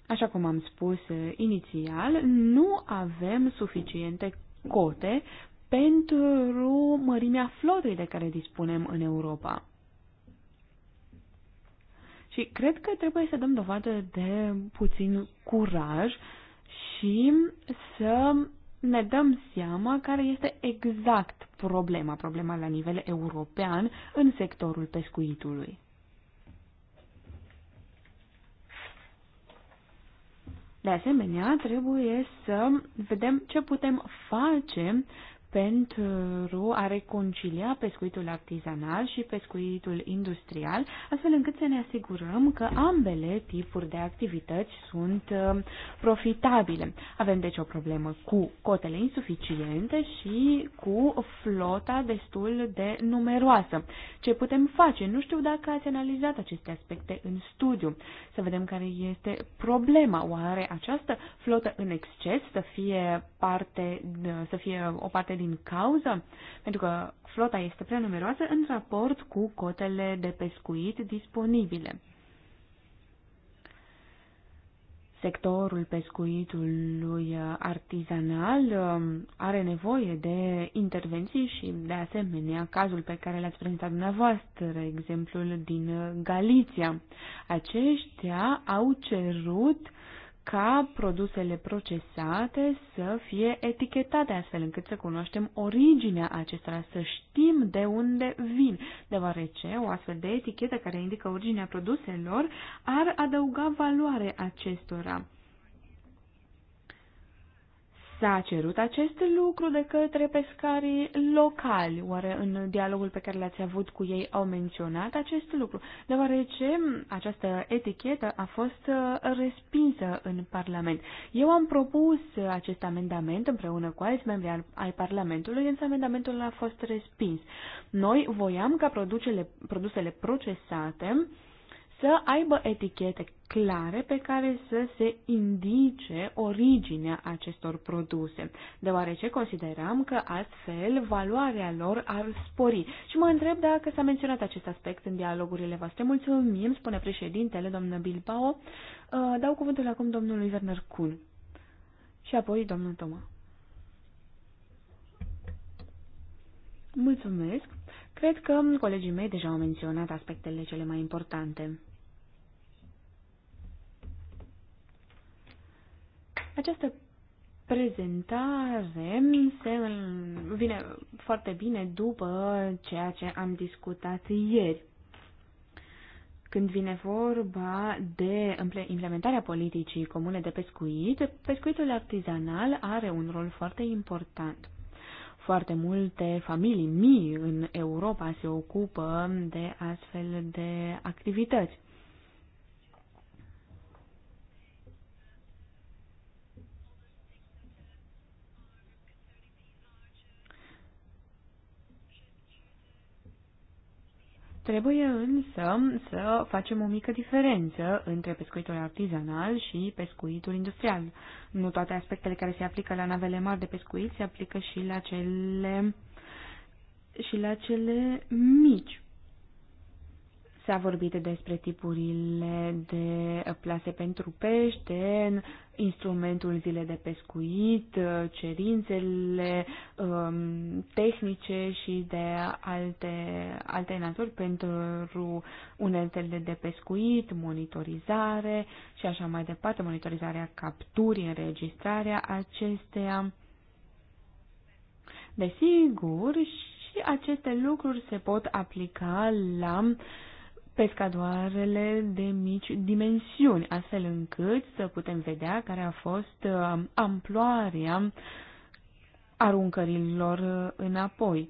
Așa cum am spus uh, inițial, nu avem suficiente cote pentru mărimea flotei de care dispunem în Europa. Și cred că trebuie să dăm dovadă de puțin curaj și să ne dăm seama care este exact problema, problema la nivel european în sectorul pescuitului. De asemenea, trebuie să vedem ce putem face pentru a reconcilia pescuitul artizanal și pescuitul industrial, astfel încât să ne asigurăm că ambele tipuri de activități sunt uh, profitabile. Avem deci o problemă cu cotele insuficiente și cu flota destul de numeroasă. Ce putem face? Nu știu dacă ați analizat aceste aspecte în studiu. Să vedem care este problema. Oare această flotă în exces să fie, parte, să fie o parte din din cauză? Pentru că flota este prea numeroasă în raport cu cotele de pescuit disponibile. Sectorul pescuitului artizanal um, are nevoie de intervenții și, de asemenea, cazul pe care l-ați prezentat dumneavoastră, exemplul din Galiția. Aceștia au cerut uh, ca produsele procesate să fie etichetate astfel încât să cunoaștem originea acestora, să știm de unde vin, deoarece o astfel de etichetă care indică originea produselor ar adăuga valoare acestora. S-a cerut acest lucru de către pescarii locali. Oare în dialogul pe care l-ați avut cu ei au menționat acest lucru? Deoarece această etichetă a fost uh, respinsă în Parlament. Eu am propus acest amendament împreună cu alți membri ai Parlamentului, însă amendamentul a fost respins. Noi voiam ca produsele, produsele procesate să aibă etichete clare pe care să se indice originea acestor produse, deoarece consideram că astfel valoarea lor ar spori. Și mă întreb dacă s-a menționat acest aspect în dialogurile voastre. Mulțumim, spune președintele, domnul Bilbao. Uh, dau cuvântul acum domnului Werner Kuhn și apoi domnul Toma. Mulțumesc. Cred că colegii mei deja au menționat aspectele cele mai importante. Această prezentare se vine foarte bine după ceea ce am discutat ieri. Când vine vorba de implementarea politicii comune de pescuit, pescuitul artizanal are un rol foarte important. Foarte multe familii mii în Europa se ocupă de astfel de activități. Trebuie însă să facem o mică diferență între pescuitul artizanal și pescuitul industrial. Nu toate aspectele care se aplică la navele mari de pescuit se aplică și la cele și la cele mici. S-a vorbit despre tipurile de plase pentru pește, instrumentul zile de pescuit, cerințele um, tehnice și de alte, alte naturi pentru uneltele de pescuit, monitorizare și așa mai departe, monitorizarea capturii, înregistrarea acesteia. Desigur, și aceste lucruri se pot aplica la uh, pescadoarele de mici dimensiuni, astfel încât să putem vedea care a fost uh, amploarea aruncărilor uh, înapoi.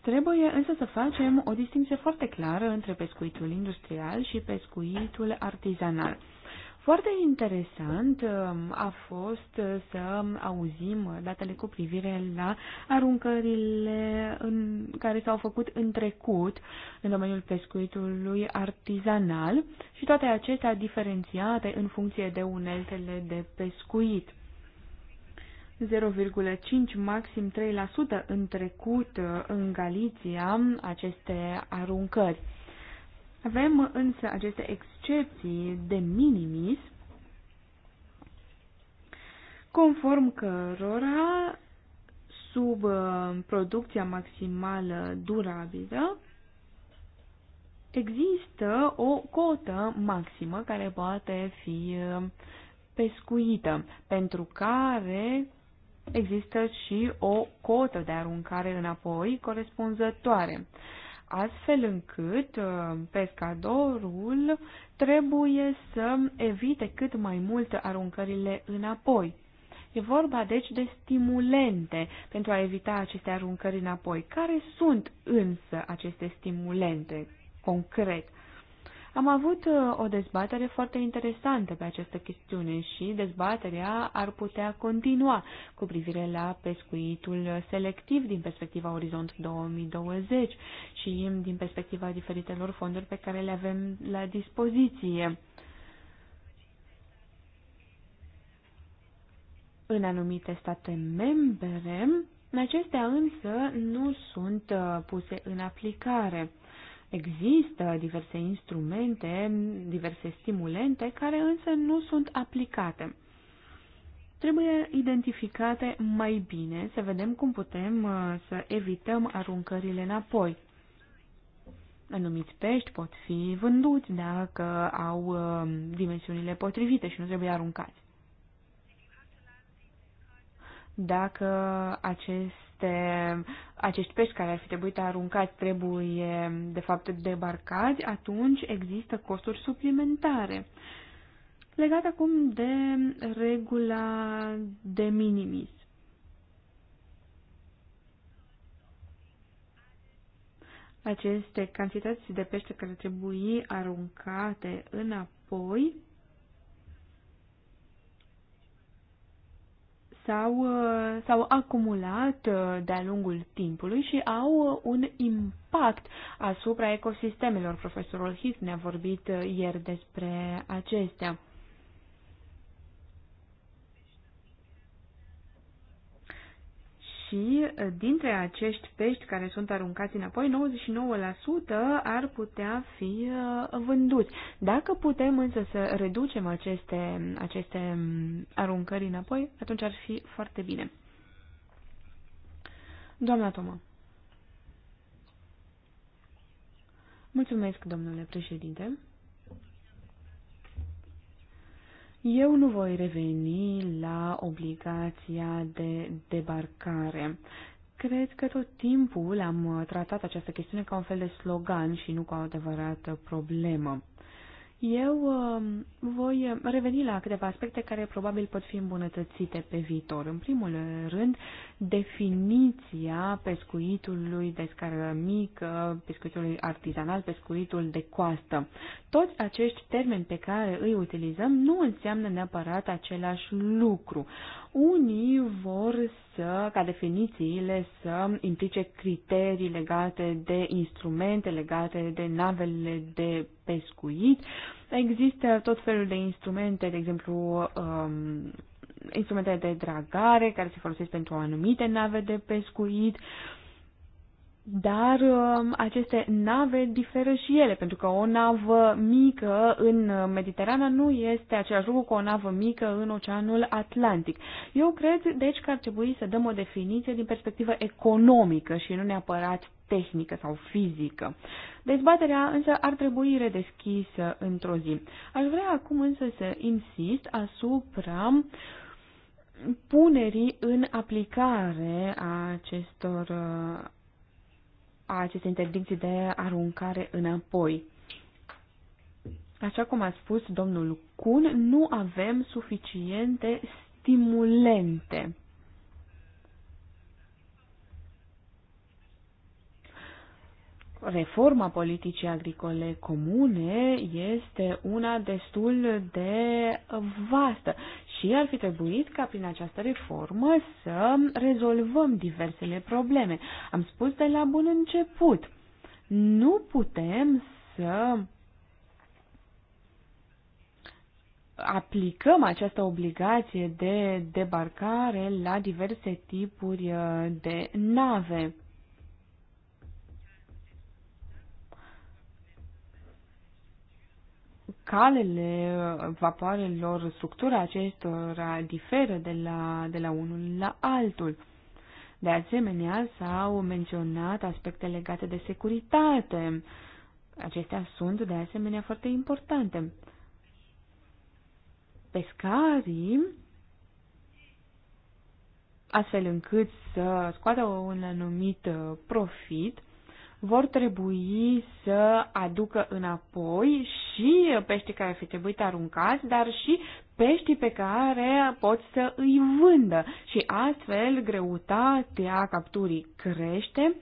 Trebuie însă să facem o distinție foarte clară între pescuitul industrial și pescuitul artizanal. Foarte interesant um, a fost uh, să auzim datele cu privire la aruncările în, care s-au făcut în trecut în domeniul pescuitului artizanal și toate acestea diferențiate în funcție de uneltele de pescuit. 0,5 maxim 3% în trecut uh, în Galiția aceste aruncări. Avem însă aceste excepții de minimis, conform cărora sub uh, producția maximală durabilă există o cotă maximă care poate fi uh, pescuită, pentru care există și o cotă de aruncare înapoi corespunzătoare astfel încât uh, pescadorul trebuie să evite cât mai mult aruncările înapoi. E vorba deci de stimulente pentru a evita aceste aruncări înapoi. Care sunt însă aceste stimulente concret? Am avut uh, o dezbatere foarte interesantă pe această chestiune și dezbaterea ar putea continua cu privire la pescuitul selectiv din perspectiva Orizont 2020 și din perspectiva diferitelor fonduri pe care le avem la dispoziție. În anumite state membre, acestea însă nu sunt uh, puse în aplicare. Există diverse instrumente, diverse stimulente, care însă nu sunt aplicate. Trebuie identificate mai bine să vedem cum putem uh, să evităm aruncările înapoi. Anumiți pești pot fi vânduți dacă au uh, dimensiunile potrivite și nu trebuie aruncați dacă acest aceste, acești pești care ar fi trebuit aruncați trebuie de fapt debarcați, atunci există costuri suplimentare. Legat acum de regula de minimis. Aceste cantități de pește care trebuie aruncate înapoi s-au, uh, s-au acumulat uh, de-a lungul timpului și au uh, un impact asupra ecosistemelor. Profesorul Hiss ne-a vorbit ieri despre acestea. și dintre acești pești care sunt aruncați înapoi, 99% ar putea fi uh, vânduți. Dacă putem însă să reducem aceste, aceste mm, aruncări înapoi, atunci ar fi foarte bine. Doamna Tomă. Mulțumesc, domnule președinte. Eu nu voi reveni la obligația de debarcare. Cred că tot timpul am tratat această chestiune ca un fel de slogan și nu ca o adevărată problemă. Eu um, voi reveni la câteva aspecte care probabil pot fi îmbunătățite pe viitor. În primul rând, definiția pescuitului de scară mică, pescuitului artizanal, pescuitul de coastă. Toți acești termeni pe care îi utilizăm nu înseamnă neapărat același lucru. Unii vor să, ca definițiile, să implice criterii legate de instrumente, legate de navele de pescuit. Există tot felul de instrumente, de exemplu, um, instrumentele de dragare care se folosesc pentru anumite nave de pescuit, dar um, aceste nave diferă și ele, pentru că o navă mică în Mediterana nu este același lucru cu o navă mică în Oceanul Atlantic. Eu cred, deci, că ar trebui să dăm o definiție din perspectivă economică și nu neapărat tehnică sau fizică. Dezbaterea însă ar trebui redeschisă într-o zi. Aș vrea acum însă să insist asupra uh, punerii în aplicare a acestor a aceste interdicții de aruncare înapoi. Așa cum a spus domnul Kun, nu avem suficiente stimulente. Reforma politicii agricole comune este una destul de vastă și ar fi trebuit ca prin această reformă să rezolvăm diversele probleme. Am spus de la bun început, nu putem să aplicăm această obligație de debarcare la diverse tipuri uh, de nave. calele vapoarelor, structura acestora diferă de la, de la unul la altul. De asemenea, s-au menționat aspecte legate de securitate. Acestea sunt, de asemenea, foarte importante. Pescarii, astfel încât să scoată un anumit profit, vor trebui să aducă înapoi și peștii care fi trebuit aruncați, dar și peștii pe care pot să îi vândă și astfel greutatea capturii crește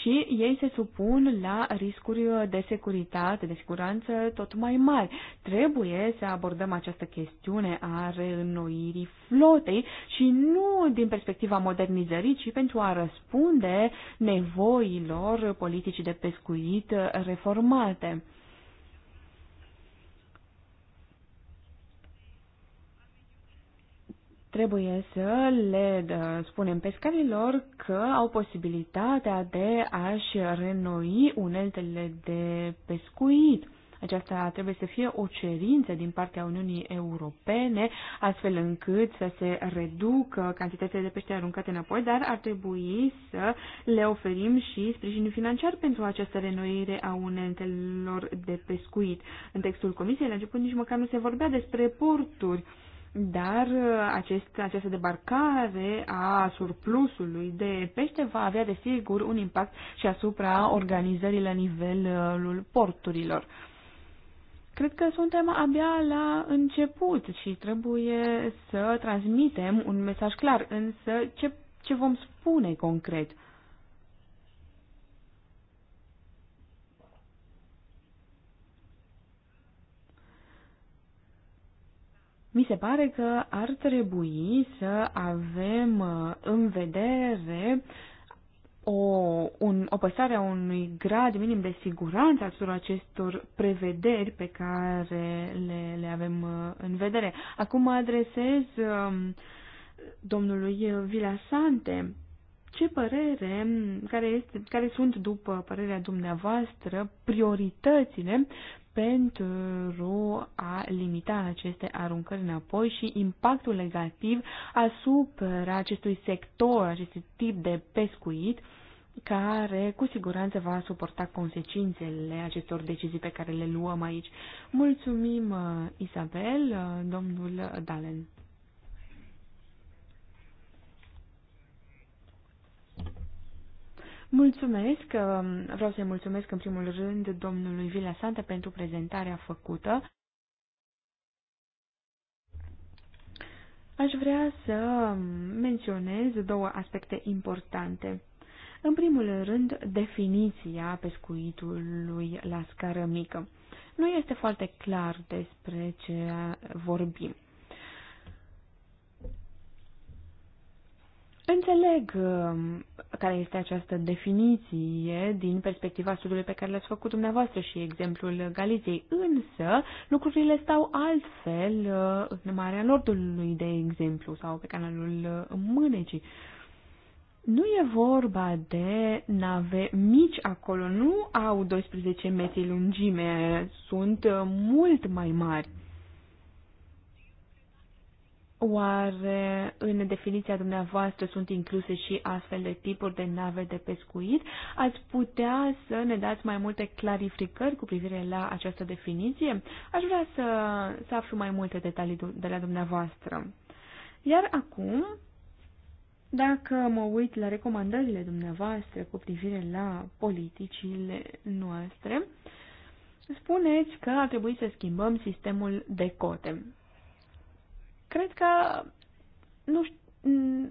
și ei se supun la riscuri de securitate, de siguranță tot mai mari. Trebuie să abordăm această chestiune a reînnoirii flotei și nu din perspectiva modernizării, ci pentru a răspunde nevoilor politicii de pescuit reformate. Trebuie să le uh, spunem pescarilor că au posibilitatea de a-și renoi uneltele de pescuit. Aceasta trebuie să fie o cerință din partea Uniunii Europene, astfel încât să se reducă cantitățile de pește aruncate înapoi, dar ar trebui să le oferim și sprijinul financiar pentru această renoire a uneltelor de pescuit. În textul Comisiei, la început, nici măcar nu se vorbea despre porturi. Uh, dar uh, acest, această debarcare a surplusului de pește va avea desigur un impact și asupra organizării la nivelul porturilor. Cred că suntem abia la început și trebuie să transmitem un mesaj clar, însă ce, ce vom spune concret? Mi se pare că ar trebui să avem uh, în vedere o, un, o păsare a unui grad minim de siguranță a tuturor acestor prevederi pe care le, le avem uh, în vedere. Acum mă adresez um, domnului Vilasante. Ce părere, care, este, care sunt, după părerea dumneavoastră, prioritățile pentru a limita aceste aruncări înapoi și impactul negativ asupra acestui sector, acestui tip de pescuit, care cu siguranță va suporta consecințele acestor decizii pe care le luăm aici. Mulțumim, uh, Isabel, uh, domnul Dalen. Mulțumesc, um, vreau să-i mulțumesc în primul rând domnului Vila Santa pentru prezentarea făcută. Aș vrea să menționez două aspecte importante. În primul rând, definiția pescuitului la scară mică. Nu este foarte clar despre ce vorbim. Înțeleg um, care este această definiție din perspectiva studiului pe care l-ați făcut dumneavoastră și exemplul Galiției, însă lucrurile stau altfel uh, în Marea Nordului, de exemplu, sau pe canalul uh, Mânecii. Nu e vorba de nave mici acolo, nu au 12 metri lungime, sunt uh, mult mai mari. Oare în definiția dumneavoastră sunt incluse și astfel de tipuri de nave de pescuit? Ați putea să ne dați mai multe clarificări cu privire la această definiție? Aș vrea să, să aflu mai multe detalii de la dumneavoastră. Iar acum, dacă mă uit la recomandările dumneavoastră cu privire la politicile noastre, spuneți că ar trebui să schimbăm sistemul de cote. Cred că nu știu,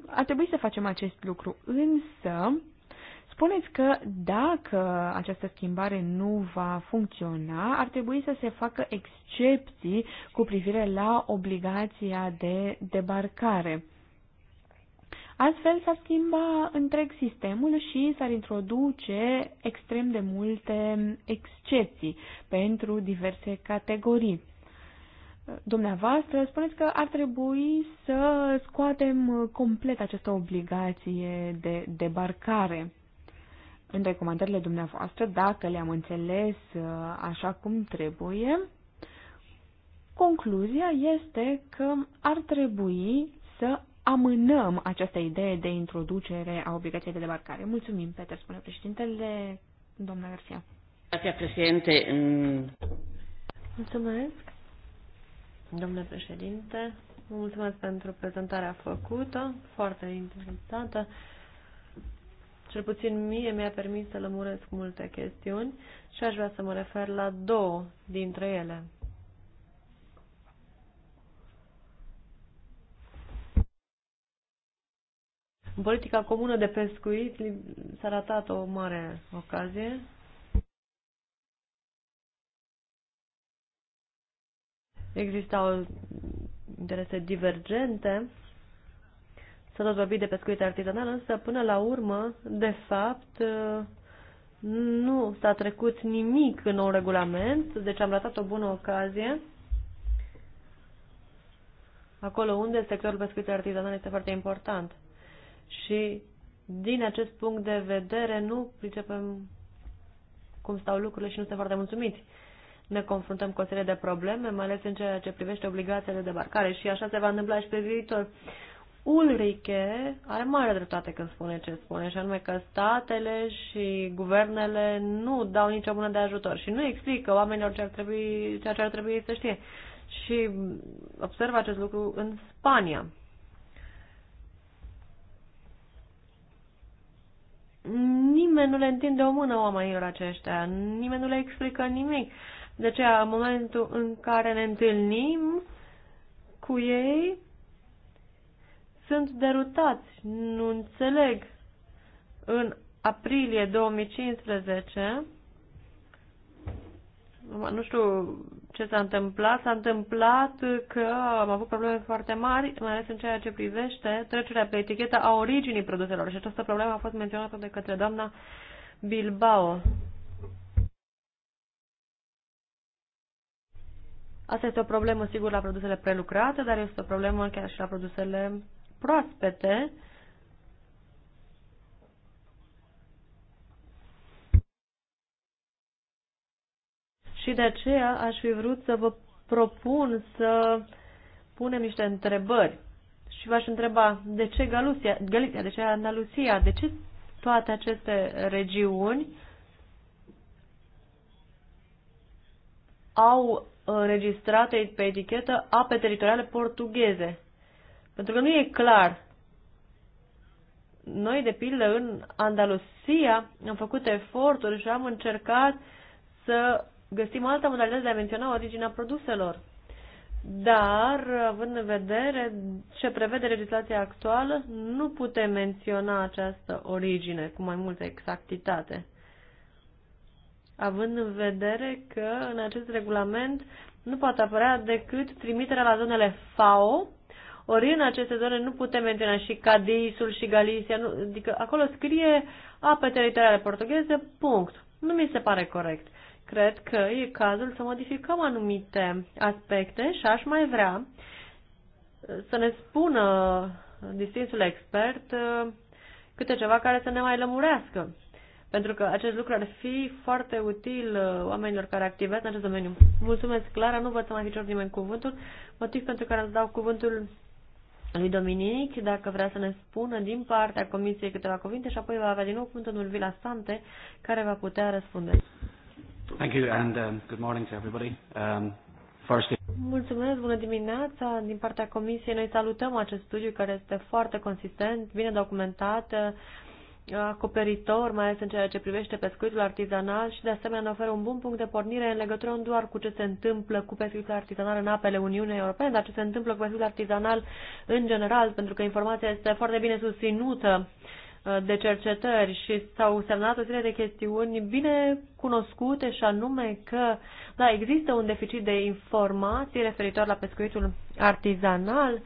ar trebui să facem acest lucru, însă spuneți că dacă această schimbare nu va funcționa, ar trebui să se facă excepții cu privire la obligația de debarcare. Astfel s-ar schimba întreg sistemul și s-ar introduce extrem de multe excepții pentru diverse categorii dumneavoastră, spuneți că ar trebui să scoatem uh, complet această obligație de debarcare. În recomandările dumneavoastră, dacă le-am înțeles uh, așa cum trebuie, concluzia este că ar trebui să amânăm această idee de introducere a obligației de debarcare. Mulțumim, Peter, spune președintele, doamna Garcia. Grazie, președinte. Mm. Mulțumesc. Domnule președinte, vă mulțumesc pentru prezentarea făcută, foarte interesantă. Cel puțin mie mi-a permis să lămuresc multe chestiuni și aș vrea să mă refer la două dintre ele. În politica comună de pescuit s-a ratat o mare ocazie Existau interese divergente. S-a tot vorbit de pescuit artizanal, însă până la urmă, de fapt, nu s-a trecut nimic în nou regulament, deci am ratat o bună ocazie. Acolo unde sectorul pescuit artizanal este foarte important. Și din acest punct de vedere nu pricepem cum stau lucrurile și nu suntem foarte mulțumiți ne confruntăm cu o serie de probleme, mai ales în ceea ce privește obligațiile de barcare și așa se va întâmpla și pe viitor. Ulrike are mare dreptate când spune ce spune, și anume că statele și guvernele nu dau nicio mână de ajutor și nu explică oamenilor ce ar trebui, ceea ce ar trebui să știe. Și observă acest lucru în Spania. Nimeni nu le întinde o mână oamenilor aceștia, nimeni nu le explică nimic. Uh, de aceea, în momentul în care ne întâlnim cu ei, sunt derutați, nu înțeleg. În aprilie 2015, nu știu ce s-a întâmplat, s-a întâmplat că am avut probleme foarte mari, mai ales în ceea ce privește trecerea pe eticheta a originii produselor și această problemă a fost menționată de către doamna Bilbao. Asta este o problemă, sigur, la produsele prelucrate, dar este o problemă chiar și la produsele proaspete. Și de aceea aș fi vrut să vă propun să punem niște întrebări. Și v-aș întreba, de ce Galusia, Galicia, de ce Andalusia, de ce toate aceste regiuni au înregistrate pe etichetă ape teritoriale portugheze. Pentru că nu e clar. Noi, de pildă, în Andalusia am făcut eforturi și am încercat să găsim alta modalitate de a menționa originea produselor. Dar, având în vedere ce prevede legislația actuală, nu putem menționa această origine cu mai multă exactitate având în vedere că în acest regulament nu poate apărea decât trimiterea la zonele FAO, ori în aceste zone nu putem menționa și Cadisul și Galicia, nu, adică acolo scrie ape teritoriale portugheze, punct. Nu mi se pare corect. Cred că e cazul să modificăm anumite aspecte și aș mai vrea să ne spună distinsul expert uh, câte ceva care să ne mai lămurească pentru că acest lucru ar fi foarte util uh, oamenilor care activează în acest domeniu. Mulțumesc, Clara, nu văd să mai fi nimeni cuvântul, motiv pentru care îți dau cuvântul lui Dominic, dacă vrea să ne spună din partea Comisiei câteva cuvinte și apoi va avea din nou cuvântul lui Vila Sante, care va putea răspunde. Thank you and um, good morning to everybody. Um, firstly... Mulțumesc, bună dimineața. Din partea Comisiei, noi salutăm acest studiu care este foarte consistent, bine documentat, acoperitor, mai ales în ceea ce privește pescuitul artizanal și de asemenea oferă un bun punct de pornire în legătură nu doar cu ce se întâmplă cu pescuitul artizanal în apele Uniunii Europene, dar ce se întâmplă cu pescuitul artizanal în general, pentru că informația este foarte bine susținută uh, de cercetări și s-au semnat o serie de chestiuni bine cunoscute și anume că da, există un deficit de informații referitor la pescuitul artizanal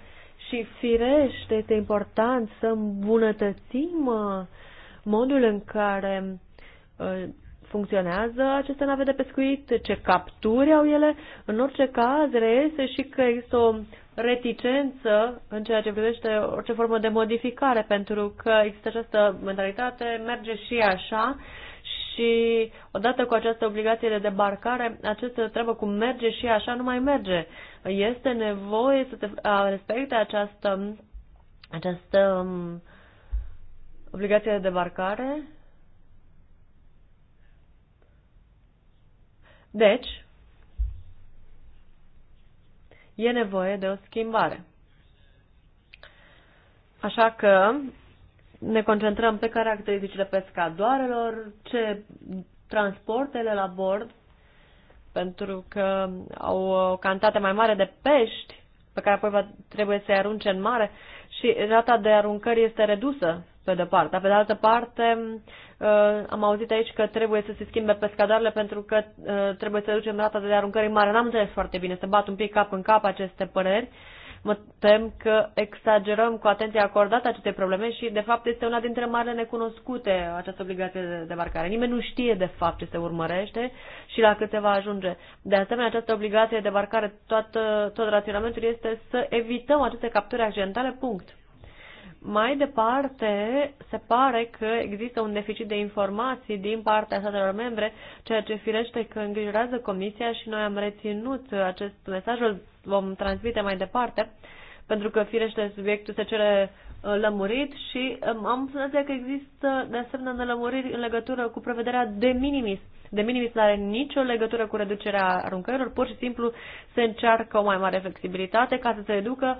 și firește este important să îmbunătățim uh, modul în care uh, funcționează aceste nave de pescuit, ce capturi au ele. În orice caz, reiese și că există o reticență în ceea ce privește orice formă de modificare, pentru că există această mentalitate, merge și așa și odată cu această obligație de debarcare, această treabă cum merge și așa nu mai merge. Este nevoie să te respecte această, această um, Obligația de debarcare. Deci, e nevoie de o schimbare. Așa că ne concentrăm pe caracteristicile pescadoarelor, ce transportele la bord, pentru că au o cantitate mai mare de pești pe care apoi va, trebuie să-i arunce în mare și rata de aruncări este redusă pe de parte. Pe de altă parte, uh, am auzit aici că trebuie să se schimbe pescadoarele pentru că uh, trebuie să reducem rata de aruncări în mare. N-am înțeles foarte bine, să bat un pic cap în cap aceste păreri. Mă tem că exagerăm cu atenția acordată aceste probleme și, de fapt, este una dintre marile necunoscute această obligație de debarcare. Nimeni nu știe, de fapt, ce se urmărește și la câte va ajunge. De asemenea, această obligație de debarcare, tot, tot raționamentul este să evităm aceste capturi accidentale, punct. Mai departe, se pare că există un deficit de informații din partea statelor membre, ceea ce firește că îngrijorează Comisia și noi am reținut acest mesaj, îl vom transmite mai departe, pentru că firește subiectul se cere uh, lămurit și um, am senzația că există de asemenea nelămuriri în legătură cu prevederea de minimis. De minimis nu are nicio legătură cu reducerea aruncărilor, pur și simplu se încearcă o mai mare flexibilitate ca să se reducă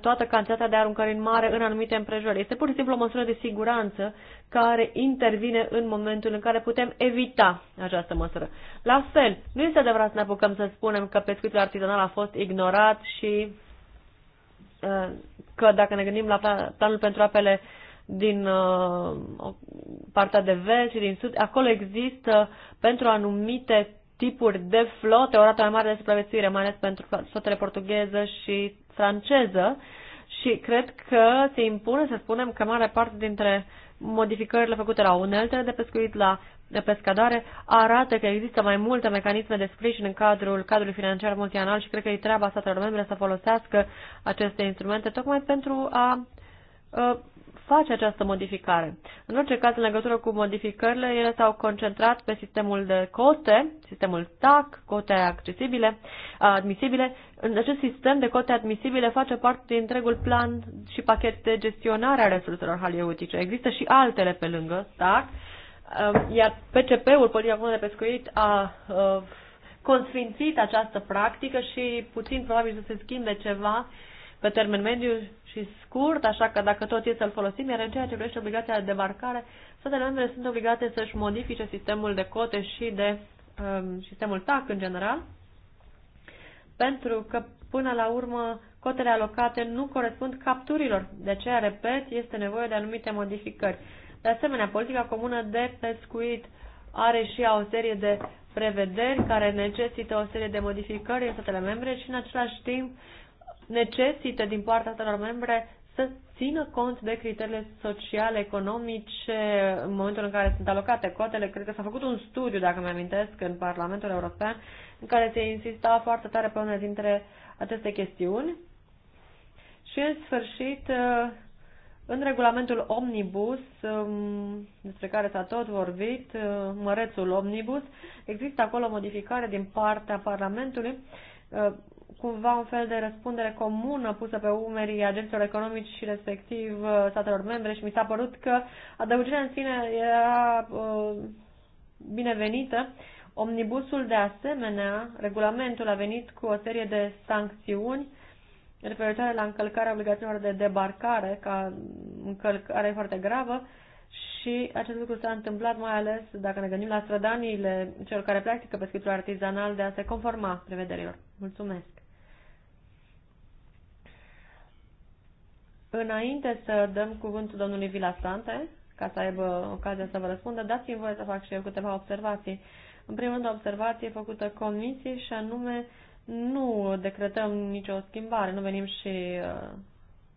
toată cantitatea de aruncări în mare în anumite împrejurări. Este pur și simplu o măsură de siguranță care intervine în momentul în care putem evita această măsură. La fel, nu este adevărat să ne apucăm să spunem că pescuitul artizanal a fost ignorat și uh, că dacă ne gândim la planul pentru apele din uh, partea de vest și din sud, acolo există pentru anumite tipuri de flote, o rată mai mare de supraviețuire, mai ales pentru flotele portugheză și franceză. Și cred că se impune să spunem că mare parte dintre modificările făcute la uneltele de pescuit, la de pescadare, arată că există mai multe mecanisme de sprijin în cadrul cadrului financiar multianual și cred că e treaba statelor membre să folosească aceste instrumente tocmai pentru a, a uh, face această modificare. În orice caz, în legătură cu modificările, ele s-au concentrat pe sistemul de cote, sistemul TAC, cote accesibile, admisibile. În acest sistem de cote admisibile face parte din întregul plan și pachet de gestionare a resurselor haliotice. Există și altele pe lângă TAC, um, iar PCP-ul, Politica Comună de Pescuit, a uh, consfințit această practică și puțin probabil să se schimbe ceva pe termen mediu și scurt, așa că dacă tot e să-l folosim, iar în ceea ce privește obligația de debarcare, statele membre sunt obligate să-și modifice sistemul de cote și de um, sistemul TAC în general, pentru că până la urmă cotele alocate nu corespund capturilor. De aceea, repet, este nevoie de anumite modificări. De asemenea, politica comună de pescuit are și o serie de prevederi care necesită o serie de modificări în statele membre și în același timp necesită din partea statelor membre să țină cont de criteriile sociale, economice, în momentul în care sunt alocate cotele. Cred că s-a făcut un studiu, dacă mi amintesc, în Parlamentul European, în care se insista foarte tare pe una dintre aceste chestiuni. Și, în sfârșit, uh, în regulamentul Omnibus, um, despre care s-a tot vorbit, uh, mărețul Omnibus, există acolo o modificare din partea Parlamentului uh, cumva un fel de răspundere comună pusă pe umerii agenților economici și respectiv uh, statelor membre și mi s-a părut că adăugirea în sine era uh, binevenită. Omnibusul de asemenea, regulamentul a venit cu o serie de sancțiuni referitoare la încălcarea obligațiilor de debarcare, ca încălcare foarte gravă, și acest lucru s-a întâmplat mai ales dacă ne gândim la strădaniile celor care practică pescuitul artizanal de a se conforma prevederilor. Mulțumesc! Înainte să dăm cuvântul domnului Vila Sante, ca să aibă ocazia să vă răspundă, dați-mi voie să fac și eu câteva observații. În primul rând, o observație făcută comisie și anume nu decretăm nicio schimbare, nu venim și uh,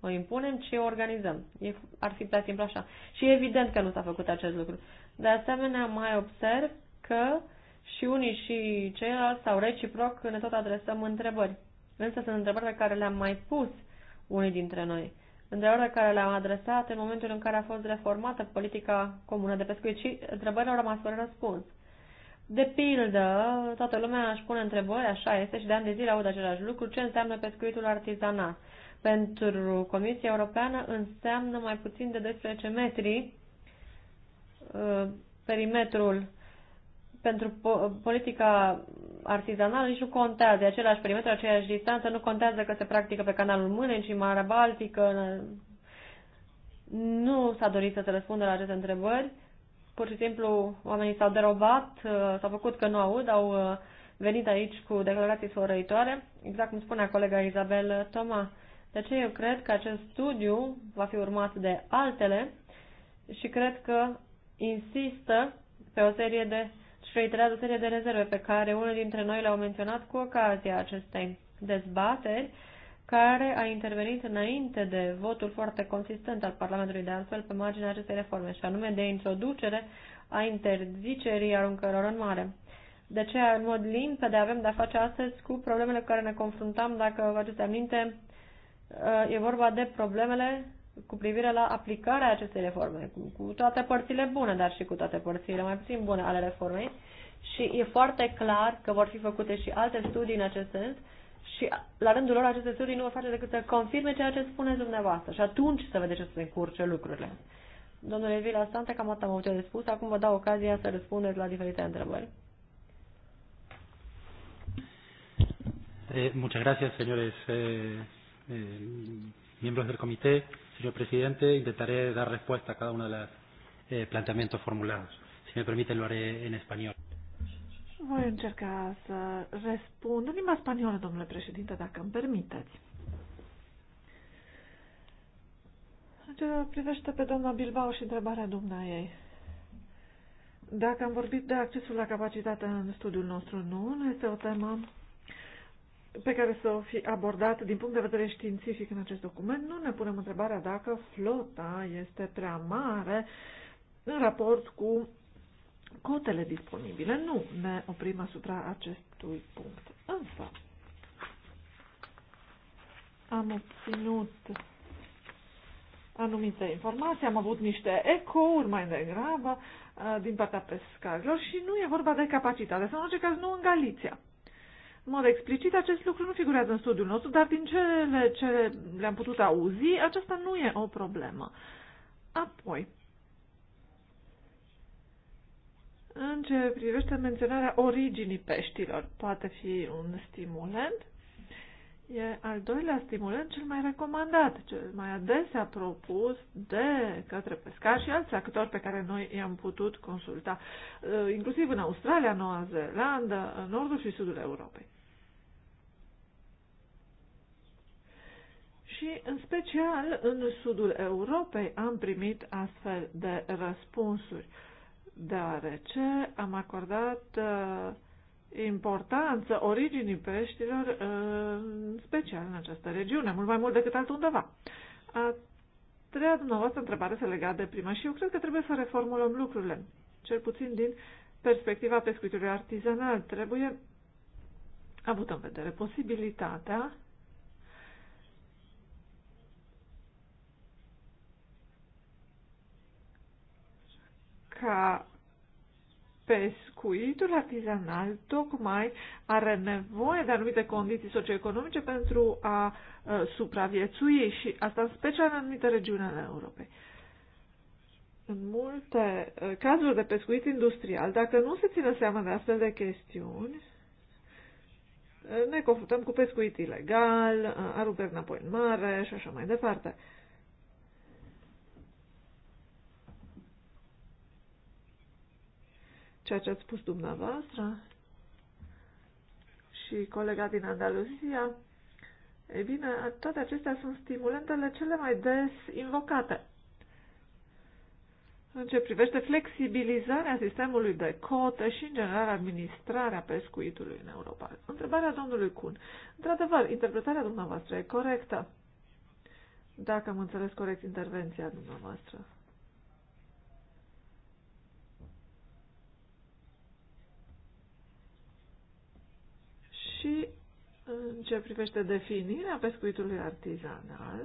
o impunem, ci o organizăm. E, ar fi prea simplu așa. Și evident că nu s-a făcut acest lucru. De asemenea, mai observ că și unii și ceilalți sau reciproc ne tot adresăm întrebări. Însă sunt întrebări pe care le-am mai pus unii dintre noi întrebările care le-am adresat în momentul în care a fost reformată politica comună de pescuit și întrebările au rămas fără răspuns. De pildă, toată lumea își pune întrebări, așa este, și de ani de zile aud același lucru, ce înseamnă pescuitul artizanat. Pentru Comisia Europeană înseamnă mai puțin de 12 metri uh, perimetrul pentru po- politica artizanală nici nu contează. E același perimetru, aceeași distanță, nu contează că se practică pe canalul Mâneci, și Marea Baltică. Nu s-a dorit să se răspundă la aceste întrebări. Pur și simplu oamenii s-au derobat, s-au făcut că nu aud, au venit aici cu declarații sfărăitoare, exact cum spunea colega Isabel Toma. De ce eu cred că acest studiu va fi urmat de altele și cred că insistă pe o serie de și reiterează o serie de rezerve pe care unul dintre noi le-au menționat cu ocazia acestei dezbateri, care a intervenit înainte de votul foarte consistent al Parlamentului de altfel pe marginea acestei reforme, și anume de introducere a interzicerii aruncărilor în mare. De aceea, în mod limpede, avem de-a face astăzi cu problemele cu care ne confruntam, dacă vă aduceți aminte, uh, e vorba de problemele cu privire la aplicarea acestei reforme, cu toate părțile bune, dar și cu toate părțile mai puțin bune ale reformei și e foarte clar că vor fi făcute și alte studii în acest sens și la rândul lor aceste studii nu vor face decât să confirme ceea ce spuneți dumneavoastră și atunci să vedeți ce se încurce lucrurile. Domnule Vila Sante, cam atât am avut de spus. Acum vă dau ocazia să răspundeți la diferite întrebări. Eh, muchas gracias, señores eh, eh, miembros del comité. Señor presidente, intentaré dar respuesta a cada uno de los eh, planteamientos formulados. Si me permite, lo haré en español. Voy a intentar responder en español, señor presidente, si me permite. privește pe doamna Bilbao și întrebarea dumna ei. Dacă am vorbit de accesul la capacitate în studiul nostru, nu, nu este o temă pe care să o fi abordat din punct de vedere științific în acest document, nu ne punem întrebarea dacă flota este prea mare în raport cu cotele disponibile. Nu ne oprim asupra acestui punct. Însă, am obținut anumite informații, am avut niște ecouri mai degrabă uh, din partea pescarilor și nu e vorba de capacitate, sau în orice caz nu în Galiția. În mod explicit, acest lucru nu figurează în studiul nostru, dar din cele ce le-am putut auzi, aceasta nu e o problemă. Apoi, în ce privește menționarea originii peștilor, poate fi un stimulant. E al doilea stimulant cel mai recomandat, cel mai adesea propus de către pescari și alți actori pe care noi i-am putut consulta, uh, inclusiv în Australia, Noua Zeelandă, în nordul și sudul Europei. Și, în special, în sudul Europei am primit astfel de răspunsuri, deoarece am acordat uh, importanță originii peștilor, uh, în special în această regiune, mult mai mult decât altundeva. A treia dumneavoastră întrebare se lega de prima și eu cred că trebuie să reformulăm lucrurile, cel puțin din perspectiva pescuitului artizanal. Trebuie avut în vedere posibilitatea ca pescuitul artizanal tocmai are nevoie de anumite condiții socioeconomice pentru a uh, supraviețui și asta în special în anumite regiuni ale Europei. În multe uh, cazuri de pescuit industrial, dacă nu se ține seama de astfel de chestiuni, uh, ne confruntăm cu pescuit ilegal, aruncări înapoi în mare și așa mai departe. Uh, ceea ce ați spus dumneavoastră și colega din Andaluzia, e bine, toate acestea sunt stimulentele cele mai des invocate. În ce privește flexibilizarea sistemului de cote și, în general, administrarea pescuitului în Europa. Întrebarea domnului Kun. Într-adevăr, interpretarea dumneavoastră e corectă, dacă am înțeles corect intervenția dumneavoastră. și în ce privește definirea pescuitului artizanal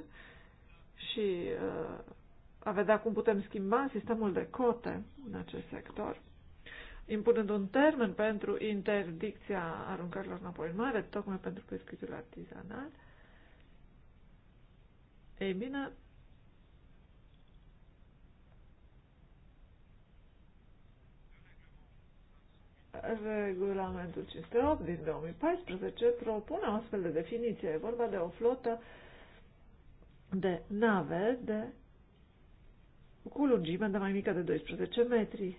și uh, a vedea cum putem schimba sistemul de cote în acest sector, impunând un termen pentru interdicția aruncărilor înapoi în mare, tocmai pentru pescuitul artizanal, ei bine, Regulamentul 508 din 2014 propune o astfel de definiție. E vorba de o flotă de nave de cu lungime de mai mică de 12 metri.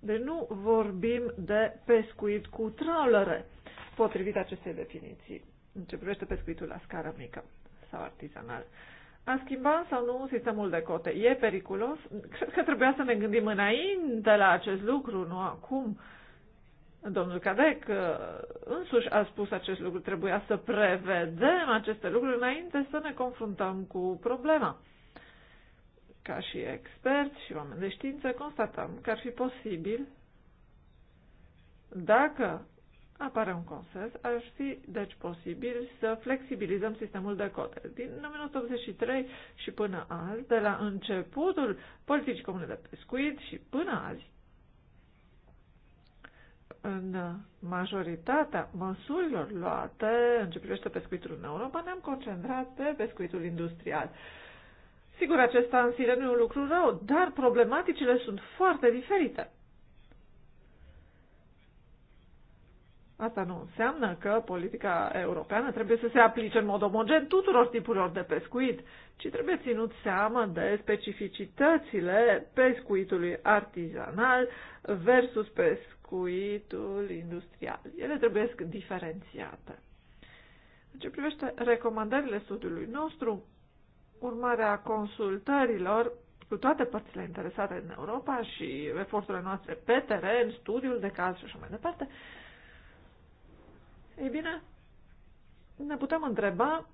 Deci nu vorbim de pescuit cu traulere, potrivit acestei definiții, în ce privește pescuitul la scară mică sau artizanal. Uh, a schimba sau nu sistemul de cote. E periculos? Cred că trebuia să ne gândim înainte la acest lucru, nu acum. Domnul Cadec uh, însuși a spus acest lucru. Trebuia să prevedem aceste lucruri înainte să ne confruntăm cu problema. Ca și experți și oameni de știință, constatăm că ar fi posibil dacă apare un consens, ar fi deci posibil să flexibilizăm sistemul de cote. Din 1983 și până azi, de la începutul politicii comune de pescuit și până azi, în majoritatea măsurilor luate în ce privește pescuitul în Europa, ne-am concentrat pe pescuitul industrial. Sigur, acesta în sine nu e un lucru rău, dar problematicile sunt foarte diferite. Asta nu înseamnă că politica europeană trebuie să se aplice în mod omogen tuturor tipurilor de pescuit, ci trebuie ținut seama de specificitățile pescuitului artizanal versus pescuitul industrial. Ele trebuie diferențiate. În ce privește recomandările studiului nostru, urmarea consultărilor cu toate părțile interesate în Europa și eforturile noastre pe teren, studiul de caz și așa mai departe, ei bine, ne putem întreba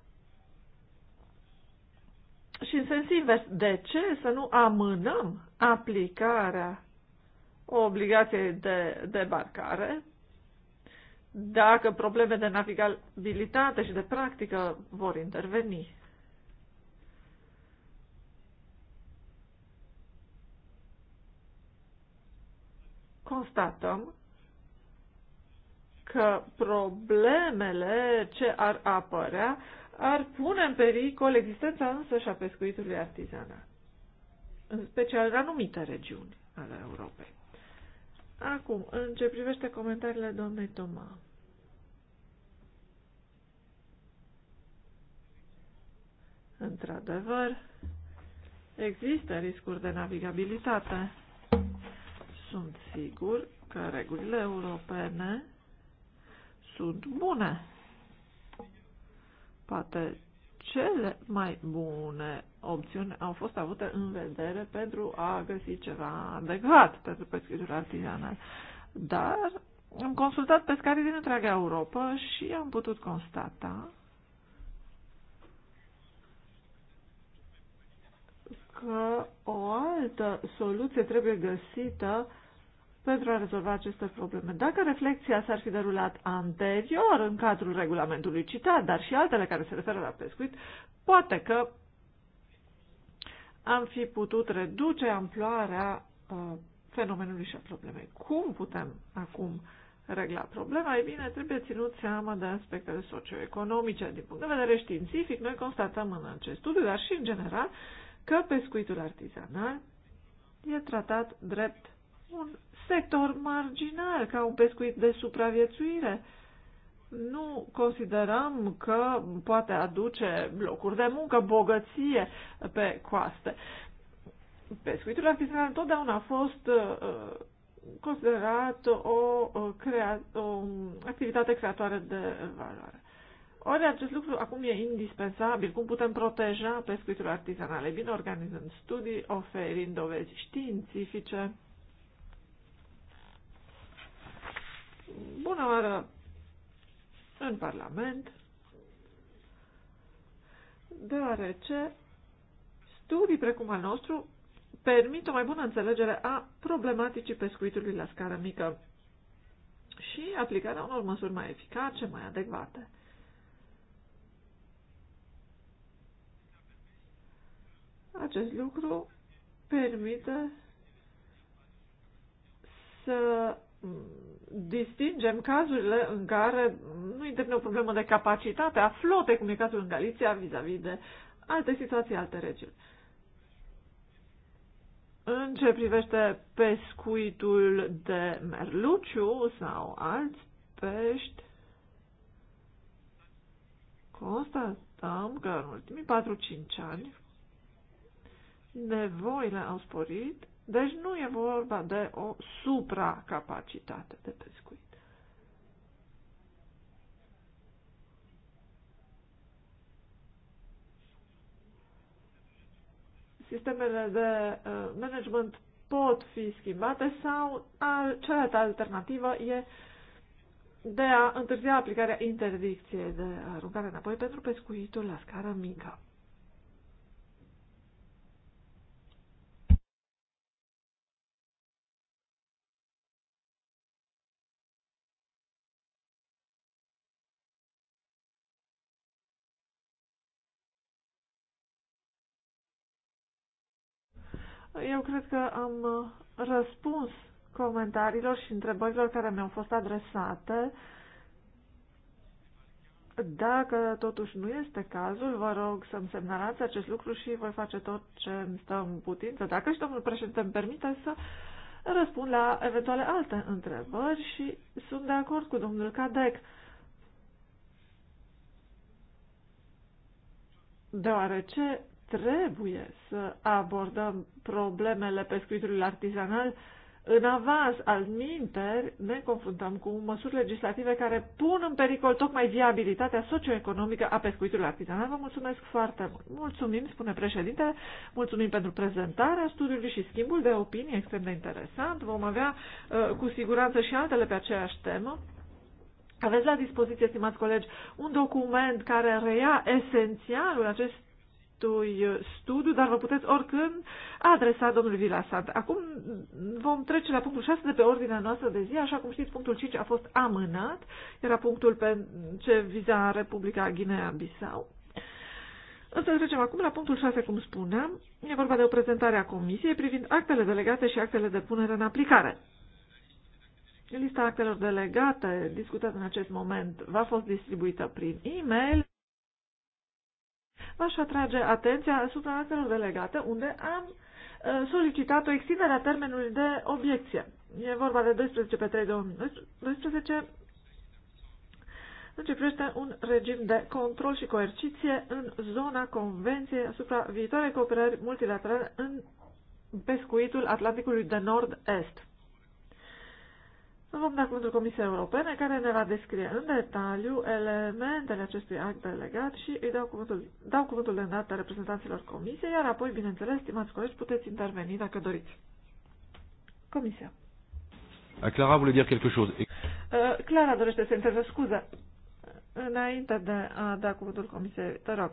și în sens invers, de ce să nu amânăm aplicarea obligației de debarcare dacă probleme de navigabilitate și de practică vor interveni? Constatăm că problemele ce ar apărea ar pune în pericol existența însă și a pescuitului artizanal, în special în anumite regiuni ale Europei. Acum, în ce privește comentariile doamnei Toma. Într-adevăr, există riscuri de navigabilitate. Sunt sigur că regulile europene sunt bune. Poate cele mai bune opțiuni au fost avute în vedere pentru a găsi ceva adecvat pentru pescuitul artizanal. Dar am consultat pescarii din întreaga Europa și am putut constata că o altă soluție trebuie găsită pentru a rezolva aceste probleme. Dacă reflexia s-ar fi derulat anterior în cadrul regulamentului citat, dar și altele care se referă la pescuit, poate că am fi putut reduce amploarea uh, fenomenului și a problemei. Cum putem acum regla problema? Ei bine, trebuie ținut seama de aspectele socioeconomice. Din punct de vedere științific, noi constatăm în acest studiu, dar și în general, că pescuitul artizanal e tratat drept un sector marginal, ca un pescuit de supraviețuire. Nu considerăm că poate aduce locuri de muncă, bogăție pe coaste. Pescuitul artizanal întotdeauna a fost uh, considerat o, uh, crea, o activitate creatoare de valoare. Ori acest lucru acum e indispensabil. Cum putem proteja pescuitul artizanal? E bine organizând studii, oferind dovezi științifice, bună oară în Parlament, deoarece studii precum al nostru permit o mai bună înțelegere a problematicii pescuitului la scară mică și aplicarea unor măsuri mai eficace, mai adecvate. Acest lucru permite să distingem cazurile în care nu intervine o problemă de capacitate a flotei, cum e cazul în Galiția, vis-a-vis -vis de alte situații, alte regiuni. În ce privește pescuitul de merluciu sau alți pești, constatăm că în ultimii 4-5 ani nevoile au sporit deci nu e vorba de o supracapacitate de pescuit. Sistemele de uh, management pot fi schimbate sau al, cealaltă alternativă e de a întârzia aplicarea interdicției de aruncare înapoi pentru pescuitul la scară mică. Eu cred că am uh, răspuns comentariilor și întrebărilor care mi-au fost adresate. Dacă totuși nu este cazul, vă rog să-mi semnalați acest lucru și voi face tot ce îmi stă în putință. Dacă și domnul președinte îmi permite să răspund la eventuale alte întrebări și sunt de acord cu domnul Cadec. Deoarece trebuie să abordăm problemele pescuitului artizanal în avans, al minteri, ne confruntăm cu măsuri legislative care pun în pericol tocmai viabilitatea socioeconomică a pescuitului artizanal. Vă mulțumesc foarte mult. Mulțumim, spune președintele, mulțumim pentru prezentarea studiului și schimbul de opinii extrem de interesant. Vom avea uh, cu siguranță și altele pe aceeași temă. Aveți la dispoziție, stimați colegi, un document care reia esențialul acest acestui studiu, dar vă puteți oricând adresa domnului Vilasant. Acum vom trece la punctul 6 de pe ordinea noastră de zi. Așa cum știți, punctul 5 a fost amânat. Era punctul pe ce viza Republica Guinea-Bissau. Însă trecem acum la punctul 6, cum spuneam. E vorba de o prezentare a Comisiei privind actele delegate și actele de punere în aplicare. Lista actelor delegate discutată în acest moment va fost distribuită prin e-mail v-aș atrage atenția asupra actelor delegate, unde am uh, solicitat o extindere a termenului de obiecție. E vorba de 12 pe 3 2012, în ce privește un regim de control și coerciție în zona Convenției asupra viitoarei cooperări multilaterale în pescuitul Atlanticului de Nord-Est. Vom da cuvântul Comisiei Europene, care ne va descrie în detaliu elementele acestui act delegat și îi dau cuvântul, dau cuvântul de îndată reprezentanților Comisiei, iar apoi, bineînțeles, stimați colegi, puteți interveni dacă doriți. Comisia. Ah, Clara vrea dire quelque chose. Uh, Clara dorește să intervă scuze. Înainte de a da cuvântul Comisiei, te rog.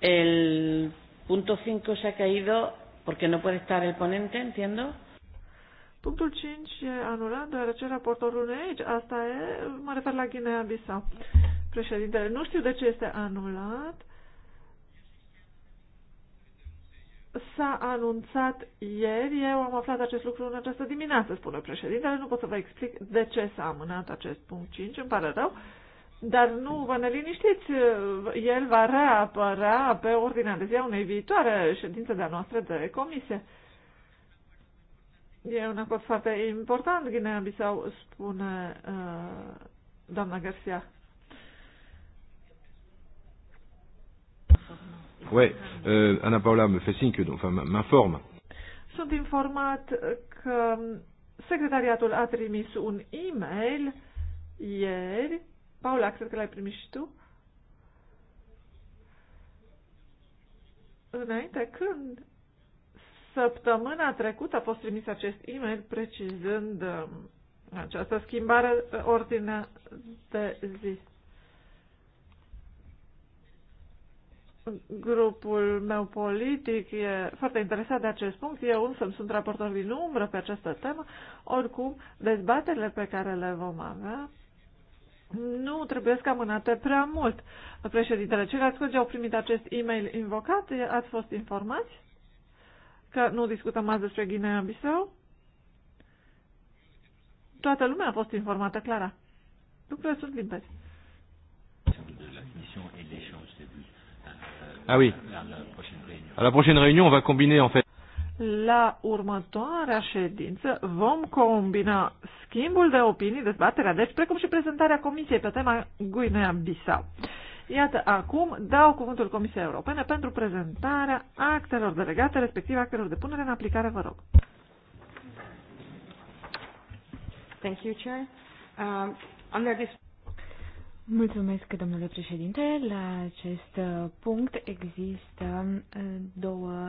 El punto 5 se a caído porque no puede estar el ponente, entiendo? Punctul 5 e anulat, deoarece raportorul nu e aici. Asta e, mă refer la Guinea-Bissau. Președintele, nu știu de ce este anulat. S-a anunțat ieri, eu am aflat acest lucru în această dimineață, spune președintele, nu pot să vă explic de ce s-a amânat acest punct 5, îmi pare rău, dar nu vă ne liniștiți, el va reapărea pe ordinea de zi a unei viitoare ședințe de-a noastră de comisie. E un acord foarte important, Guinea-Bissau, spune uh, doamna Garcia. Oui, euh, Anna Paula me fait signe que, enfin, m'informe. Sunt informat că secretariatul a trimis un e-mail ieri. Paula, cred că l-ai primit și tu. Înainte când Săptămâna trecută a fost trimis acest e-mail precizând um, această schimbare uh, ordinea de zi. Grupul meu politic e foarte interesat de acest punct. Eu însă sunt raportor din umbră pe această temă. Oricum, dezbaterile pe care le vom avea nu trebuie să amânate prea mult. Președintele, ceilalți colegi au primit acest e-mail invocat? Ați fost informați? că nu discutăm azi despre ghinea bissau Toată lumea a fost informată, Clara. Lucrurile sunt limpezi. Ah oui. À la prochaine réunion, on va combiner en fait. La următoarea ședință vom combina schimbul de opinii, dezbaterea, deci precum și prezentarea comisiei pe tema Guinea-Bissau. Iată, acum dau cuvântul Comisiei Europene pentru prezentarea actelor delegate, respectiv actelor de punere în aplicare, vă rog. Thank you, Chair. Uh, under this... Mulțumesc, domnule președinte. La acest uh, punct există uh, două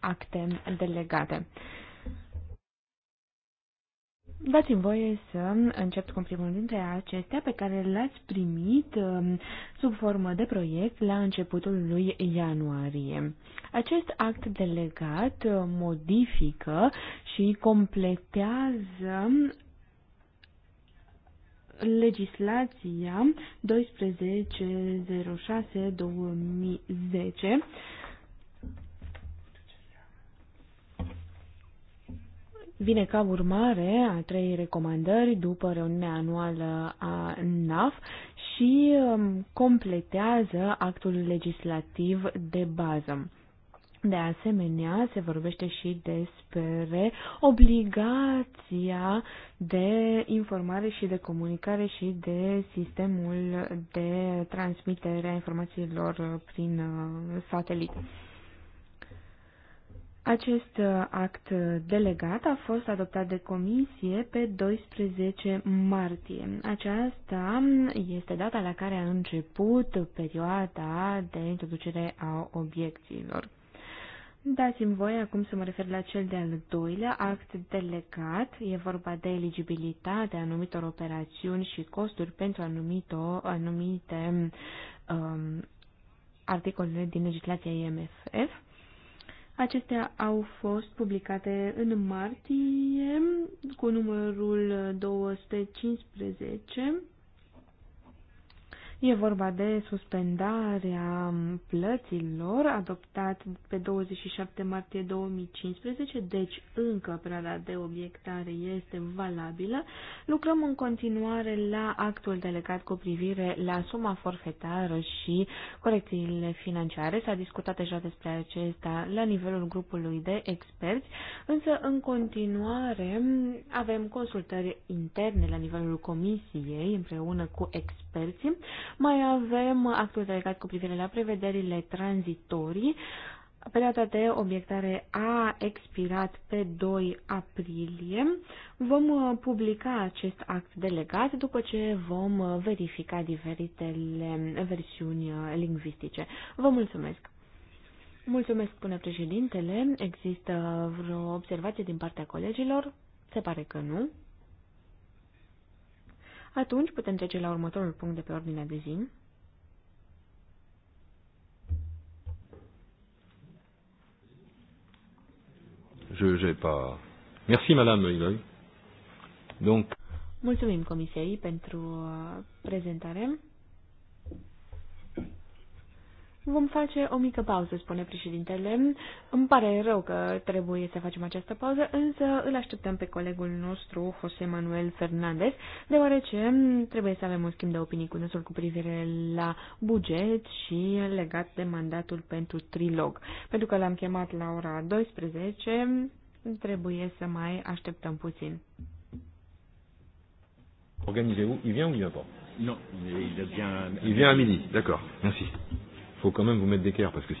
acte delegate. Uh, Dați-mi voie să încep cu primul dintre acestea pe care l-ați primit um, sub formă de proiect la începutul lui ianuarie. Acest act delegat uh, modifică și completează legislația 1206-2010 vine ca urmare a trei recomandări după reuniunea anuală a NAF și um, completează actul legislativ de bază. De asemenea, se vorbește și despre obligația de informare și de comunicare și de sistemul de transmitere a informațiilor prin uh, satelit. Acest uh, act uh, delegat a fost adoptat de comisie pe 12 martie. Aceasta este data la care a început perioada de introducere a obiecțiilor. Dați-mi voi acum să mă refer la cel de-al doilea act delegat. E vorba de eligibilitatea anumitor operațiuni și costuri pentru anumito, anumite um, articole din legislația IMFF. Acestea au fost publicate în martie cu numărul 215 E vorba de suspendarea plăților adoptat pe 27 martie 2015, deci încă perioada de obiectare este valabilă. Lucrăm în continuare la actul delegat cu privire la suma forfetară și corecțiile financiare. S-a discutat deja despre acesta la nivelul grupului de experți, însă în continuare avem consultări interne la nivelul comisiei împreună cu experții mai avem actul delegat cu privire la prevederile tranzitorii. Perioada de obiectare a expirat pe 2 aprilie. Vom uh, publica acest act delegat după ce vom uh, verifica diferitele versiuni uh, lingvistice. Vă mulțumesc! Mulțumesc, spune președintele. Există vreo observație din partea colegilor? Se pare că nu. Atunci putem trece la următorul punct de pe ordinea de zi. Je j'ai pas. Merci madame Iloy. Donc Mulțumim comisiei pentru uh, prezentare. Vom face o mică pauză, spune președintele. Îmi pare rău că trebuie să facem această pauză, însă îl așteptăm pe colegul nostru, José Manuel Fernandez, deoarece trebuie să avem un schimb de opinii cu nosul cu privire la buget și legat de mandatul pentru trilog. Pentru că l-am chemat la ora 12, trebuie să mai așteptăm puțin. Organisez-vous Il vient ou il vient pas Non, il vient, il vient à midi. D'accord, merci faut quand même vous mettre d'équerre parce que si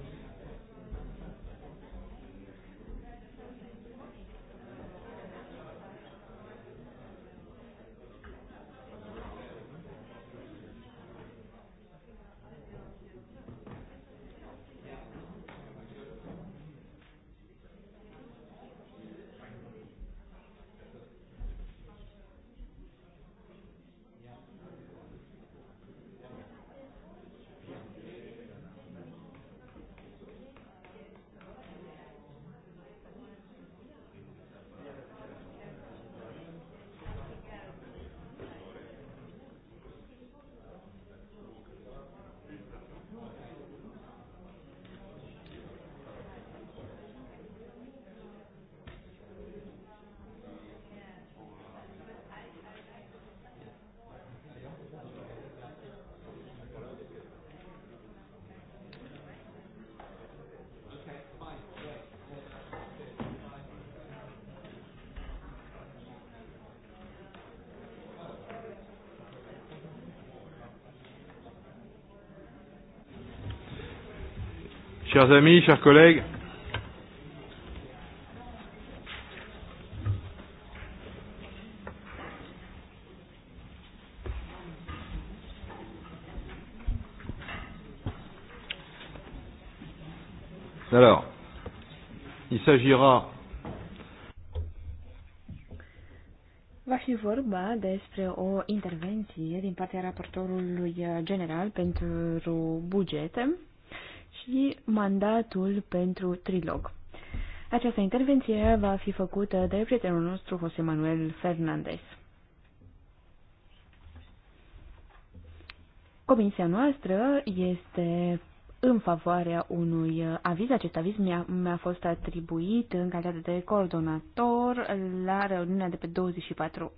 Chers amis, chers collègues, Alors, il s'agira Va fi vorba despre o intervenție din partea raportorului general pentru bugete mandatul pentru trilog. Această intervenție va fi făcută de prietenul nostru José Manuel Fernandez. Comisia noastră este în favoarea unui aviz. Acest aviz mi-a, mi-a fost atribuit în calitate de coordonator la reuniunea de pe 24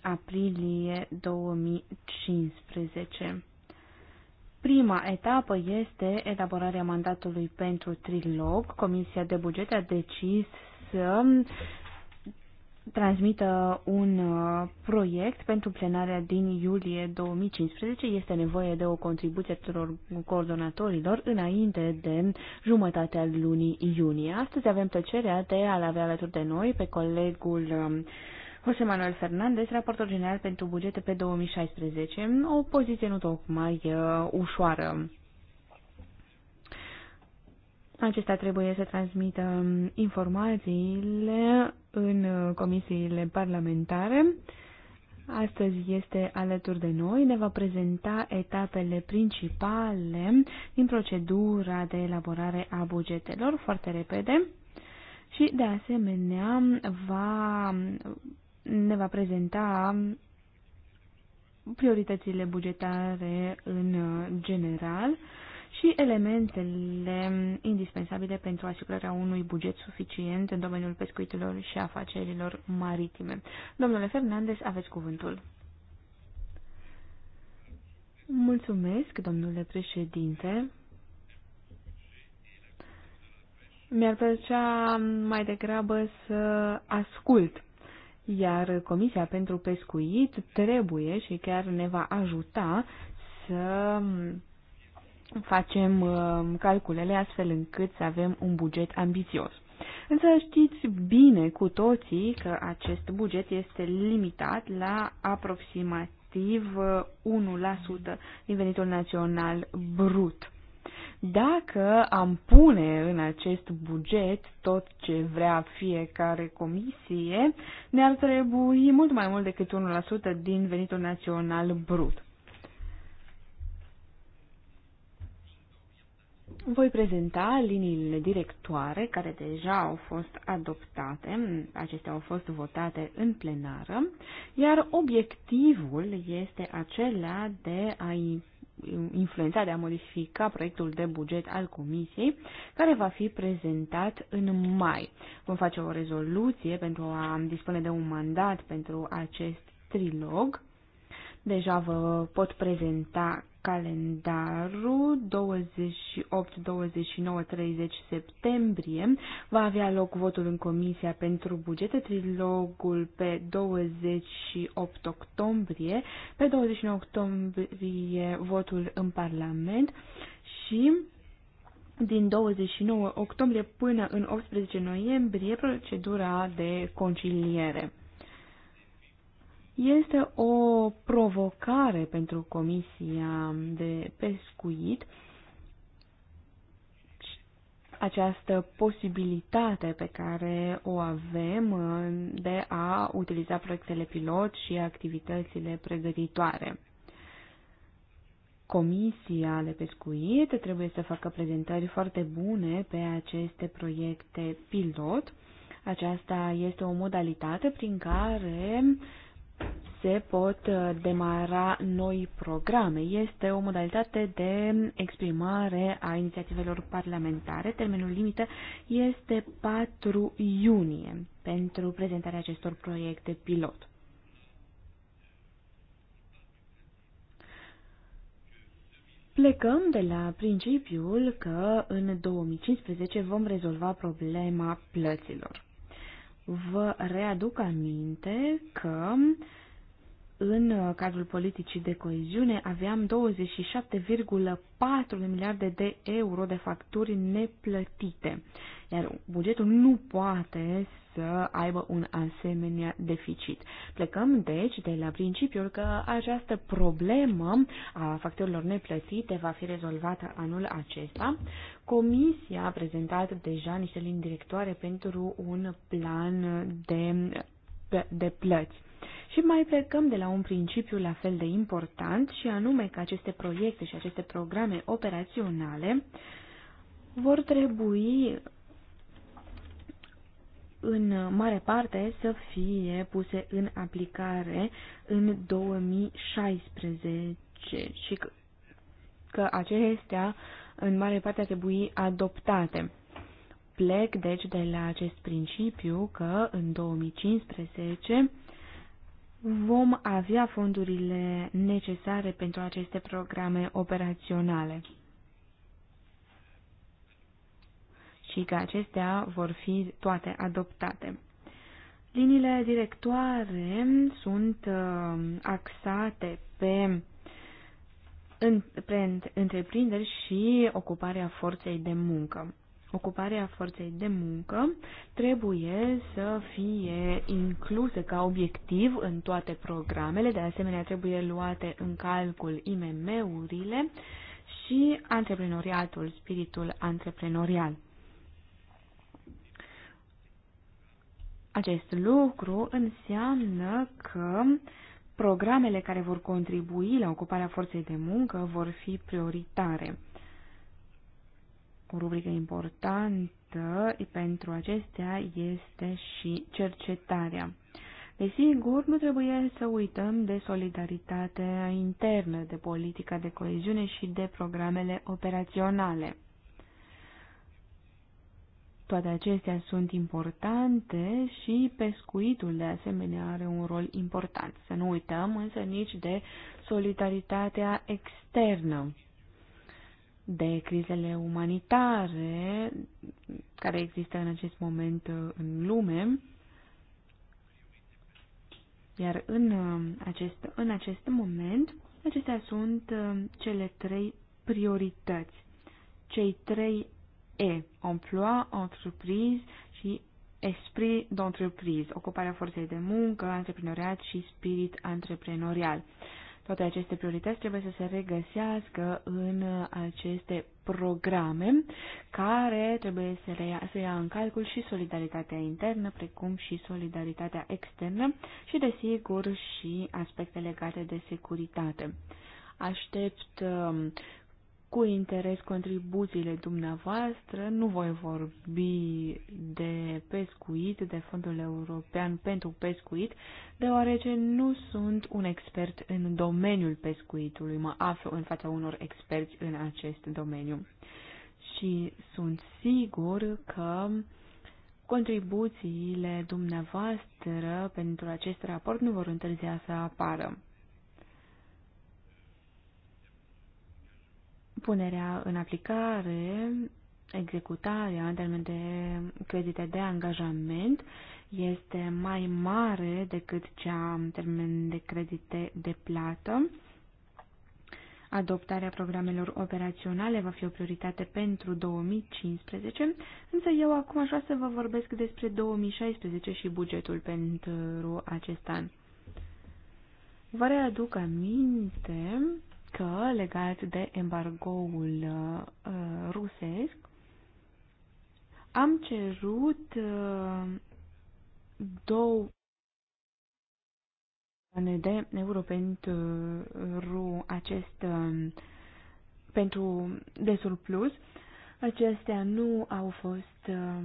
aprilie 2015. Prima etapă este elaborarea mandatului pentru trilog. Comisia de buget a decis să transmită un uh, proiect pentru plenarea din iulie 2015. Este nevoie de o contribuție tuturor coordonatorilor înainte de jumătatea lunii iunie. Astăzi avem plăcerea de a-l avea alături de noi pe colegul um, José Manuel Fernández, raportor general pentru bugete pe 2016. O poziție nu tocmai uh, ușoară. Acesta trebuie să transmită um, informațiile în uh, comisiile parlamentare. Astăzi este alături de noi, ne va prezenta etapele principale din procedura de elaborare a bugetelor foarte repede și de asemenea va ne va prezenta prioritățile bugetare în general și elementele indispensabile pentru asigurarea unui buget suficient în domeniul pescuitelor și afacerilor maritime. Domnule Fernandez, aveți cuvântul. Mulțumesc, domnule președinte. Mi-ar plăcea mai degrabă să ascult iar Comisia pentru Pescuit trebuie și chiar ne va ajuta să facem um, calculele astfel încât să avem un buget ambițios. Însă știți bine cu toții că acest buget este limitat la aproximativ 1% uh, din venitul național brut. Dacă am pune în acest buget tot ce vrea fiecare comisie, ne-ar trebui mult mai mult decât 1% din venitul național brut. Voi prezenta liniile directoare care deja au fost adoptate, acestea au fost votate în plenară, iar obiectivul este acela de a influența, de a modifica proiectul de buget al Comisiei, care va fi prezentat în mai. Vom face o rezoluție pentru a dispune de un mandat pentru acest trilog. Deja vă pot prezenta calendarul 28, 29, 30 septembrie va avea loc votul în Comisia pentru Bugete, trilogul pe 28 octombrie, pe 29 octombrie votul în Parlament și din 29 octombrie până în 18 noiembrie procedura de conciliere. Este o provocare pentru Comisia de Pescuit această posibilitate pe care o avem uh, de a utiliza proiectele pilot și activitățile pregătitoare. Comisia de pescuit trebuie să facă prezentări foarte bune pe aceste proiecte pilot. Aceasta este o modalitate prin care se pot uh, demara noi programe. Este o modalitate de exprimare a inițiativelor parlamentare. Termenul limită este 4 iunie pentru prezentarea acestor proiecte pilot. Plecăm de la principiul că în 2015 vom rezolva problema plăților vă readuc aminte că în cadrul politicii de coeziune aveam 27,4 de miliarde de euro de facturi neplătite iar bugetul nu poate să aibă un asemenea deficit. Plecăm, deci, de la principiul că această problemă a factorilor neplătite va fi rezolvată anul acesta. Comisia a prezentat deja niște linii directoare pentru un plan de, de plăți. Și mai plecăm de la un principiu la fel de important și anume că aceste proiecte și aceste programe operaționale vor trebui în mare parte să fie puse în aplicare în 2016 și că, acestea în mare parte ar trebui adoptate. Plec deci de la acest principiu că în 2015 vom avea fondurile necesare pentru aceste programe operaționale. și că acestea vor fi toate adoptate. Liniile directoare sunt uh, axate pe întreprinderi și ocuparea forței de muncă. Ocuparea forței de muncă trebuie să fie inclusă ca obiectiv în toate programele, de asemenea trebuie luate în calcul IMM-urile și antreprenoriatul, spiritul antreprenorial. Acest lucru înseamnă că programele care vor contribui la ocuparea forței de muncă vor fi prioritare. O rubrică importantă pentru acestea este și cercetarea. Desigur, nu trebuie să uităm de solidaritatea internă, de politica de coeziune și de programele operaționale. Toate acestea sunt importante și pescuitul de asemenea are un rol important. Să nu uităm însă nici de solidaritatea externă, de crizele umanitare care există în acest moment în lume. Iar în uh, acest, în acest moment, acestea sunt uh, cele trei priorități, cei trei E. Emploi, entreprise și esprit d'entreprise, ocuparea forței de muncă, antreprenoriat și spirit antreprenorial. Toate aceste priorități trebuie să se regăsească în aceste programe care trebuie să, le ia, să ia în calcul și solidaritatea internă, precum și solidaritatea externă și, desigur, și aspecte legate de securitate. Aștept um, cu interes contribuțiile dumneavoastră. Nu voi vorbi de pescuit, de Fondul European pentru Pescuit, deoarece nu sunt un expert în domeniul pescuitului. Mă aflu în fața unor experți în acest domeniu. Și sunt sigur că contribuțiile dumneavoastră pentru acest raport nu vor întârzia să apară. punerea în aplicare, executarea în termen de credite de angajament este mai mare decât cea în termen de credite de plată. Adoptarea programelor operaționale va fi o prioritate pentru 2015, însă eu acum aș vrea să vă vorbesc despre 2016 și bugetul pentru acest an. Vă readuc aminte că, legat de embargoul uh, rusesc, am cerut uh, două de euro uh, um, pentru acest uh, pentru de surplus. Acestea nu au fost uh,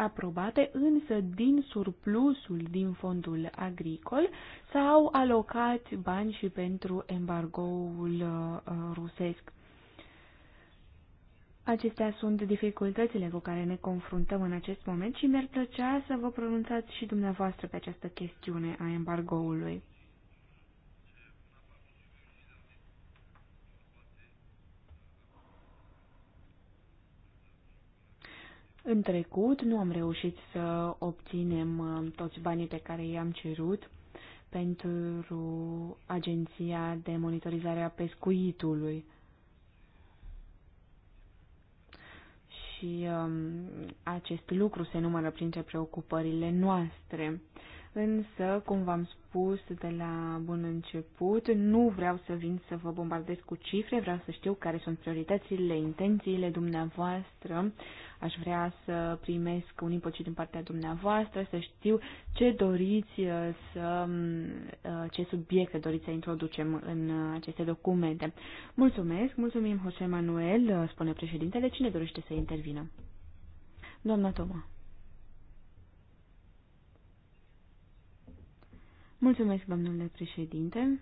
aprobate, însă din surplusul din fondul agricol s-au alocat bani și pentru embargoul uh, rusesc. Acestea sunt dificultățile cu care ne confruntăm în acest moment și mi-ar plăcea să vă pronunțați și dumneavoastră pe această chestiune a embargoului. În trecut nu am reușit să obținem uh, toți banii pe care i-am cerut pentru Agenția de Monitorizare a Pescuitului. Și um, acest lucru se numără printre preocupările noastre. Uh, Însă, cum v-am spus de la bun început, nu vreau să vin să vă bombardez cu cifre, vreau să știu care sunt prioritățile, intențiile dumneavoastră. Aș vrea să primesc un impocit din partea dumneavoastră, să știu ce doriți uh, să, uh, ce subiecte doriți să introducem în uh, aceste documente. Mulțumesc, mulțumim José Manuel, spune președintele, cine dorește să intervină? Doamna Toma. Mulțumesc, domnule președinte.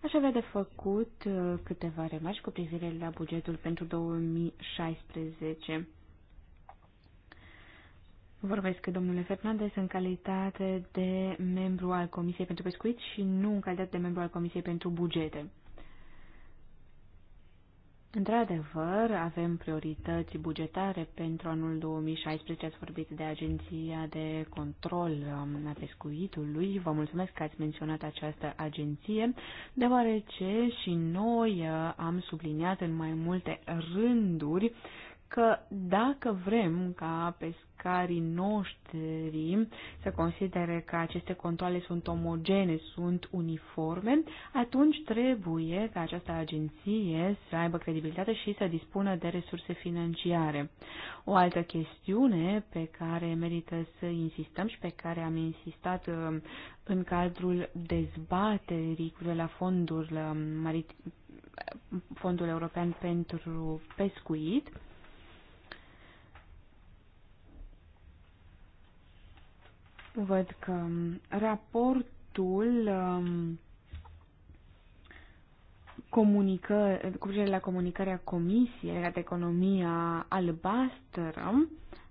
Aș avea de făcut uh, câteva remarci cu privire la bugetul pentru 2016. Vorbesc cu domnule Fernandez în calitate de membru al Comisiei pentru Pescuit și nu în calitate de membru al Comisiei pentru Bugete. Într-adevăr, avem priorități bugetare pentru anul 2016. Ați vorbit de Agenția de Control a Pescuitului. Vă mulțumesc că ați menționat această agenție, deoarece și noi uh, am subliniat în mai multe rânduri că dacă vrem ca pescarii noștri să considere că aceste controle sunt omogene, sunt uniforme, atunci trebuie ca această agenție să aibă credibilitate și să dispună de resurse financiare. O altă chestiune pe care merită să insistăm și pe care am insistat uh, în cadrul dezbaterii cu la fondul uh, marit- Fondul European pentru Pescuit, Văd că um, raportul um, comunică, cu privire la comunicarea Comisiei legată economia albastră,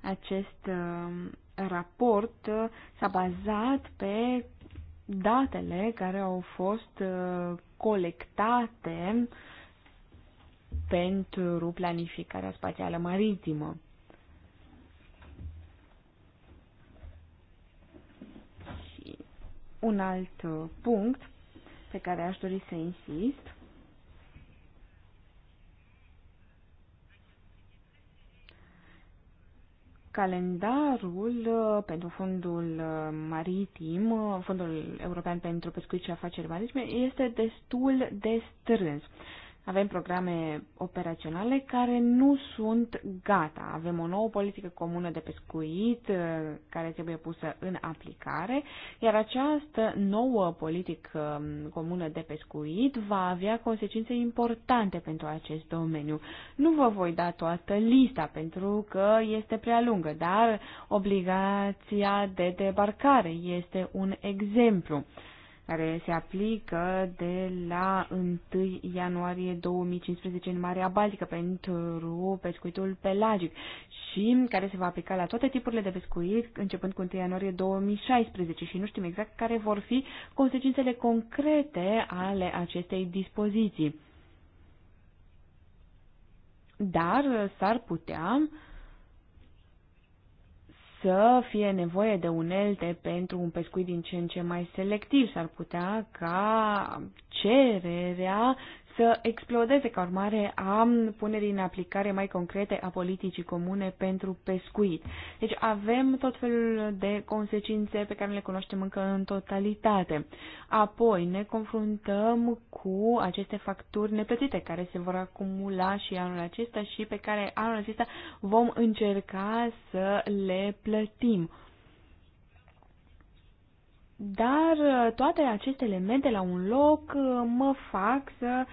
acest um, raport uh, s-a bazat pe datele care au fost uh, colectate pentru planificarea spațială maritimă. un alt uh, punct pe care aș dori să insist. Calendarul uh, pentru fondul uh, maritim, fondul european pentru pescuit și afaceri maritime, este destul de strâns. Avem programe operaționale care nu sunt gata. Avem o nouă politică comună de pescuit uh, care trebuie pusă în aplicare, iar această nouă politică um, comună de pescuit va avea consecințe importante pentru acest domeniu. Nu vă voi da toată lista pentru că este prea lungă, dar obligația de debarcare este un exemplu care se aplică de la 1 ianuarie 2015 în Marea Baltică pentru pescuitul pelagic și care se va aplica la toate tipurile de pescuit începând cu 1 ianuarie 2016 și nu știm exact care vor fi consecințele concrete ale acestei dispoziții. Dar s-ar putea uh, să fie nevoie de unelte pentru un pescuit din ce în ce mai selectiv. S-ar putea ca cererea să explodeze ca urmare a punerii în aplicare mai concrete a politicii comune pentru pescuit. Deci avem tot felul de consecințe pe care le cunoaștem încă în totalitate. Apoi ne confruntăm cu aceste facturi neplătite care se vor acumula și anul acesta și pe care anul acesta vom încerca să le plătim. Dar uh, toate aceste elemente la un loc uh, mă fac să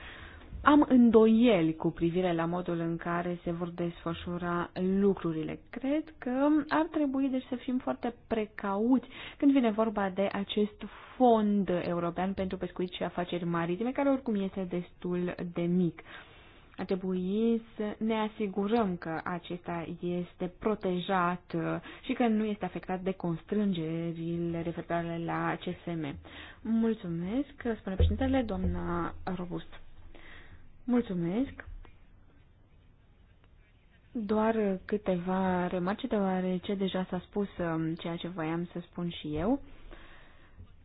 am îndoieli cu privire la modul în care se vor desfășura lucrurile. Cred că ar trebui deci să fim foarte precauți când vine vorba de acest fond european pentru pescuit și afaceri maritime, care oricum este destul de mic. Uh, ar trebui să ne asigurăm că acesta este protejat uh, și că nu este afectat de constrângerile referitoare la CSM. Mulțumesc, spune președintele, doamna Robust. Mulțumesc. Doar câteva remarce, deoarece deja s-a spus um, ceea ce voiam să spun și eu.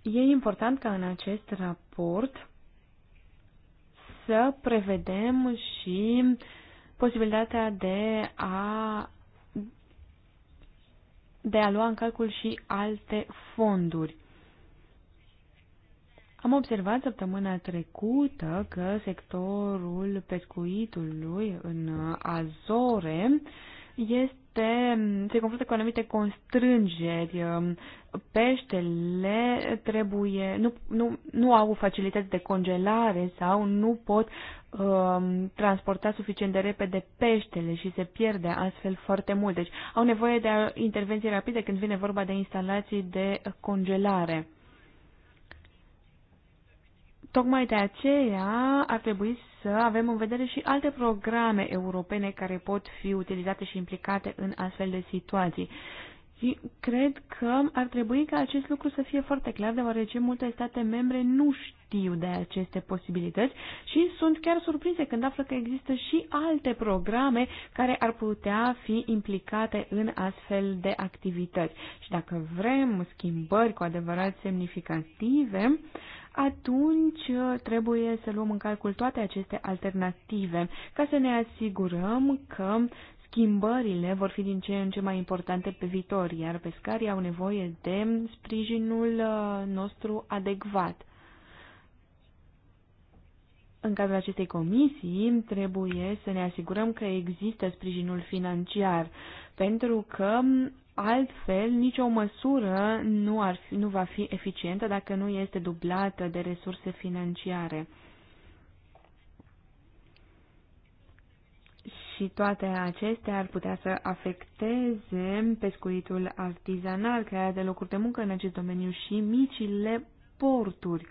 E important ca în acest raport să prevedem și posibilitatea de a de a lua în calcul și alte fonduri. Am observat săptămâna trecută că sectorul pescuitului în Azore este anumite, se confruntă cu anumite constrângeri. Um, peștele trebuie, nu, nu, nu au facilități de congelare sau nu pot um, transporta suficient de repede peștele și se pierde astfel foarte mult. Deci au nevoie de intervenții rapide când vine vorba de instalații de congelare. Tocmai de aceea ar trebui să avem în vedere și alte programe europene care pot fi utilizate și implicate în astfel de situații. Și cred că ar trebui ca acest lucru să fie foarte clar, deoarece multe state membre nu știu de aceste posibilități și sunt chiar surprinse când află că există și alte programe care ar putea fi implicate în astfel de activități. Și dacă vrem schimbări cu adevărat semnificative, atunci uh, trebuie să luăm în calcul toate aceste alternative ca să ne asigurăm că schimbările vor fi din ce în ce mai importante pe viitor, iar pescarii au nevoie de sprijinul uh, nostru adecvat. În cadrul acestei comisii trebuie să ne asigurăm că există sprijinul financiar, pentru că Altfel, nicio măsură nu, ar fi, nu va fi eficientă dacă nu este dublată de resurse financiare. Și toate acestea ar putea să afecteze pescuitul artizanal, crearea de locuri de muncă în acest domeniu și micile porturi.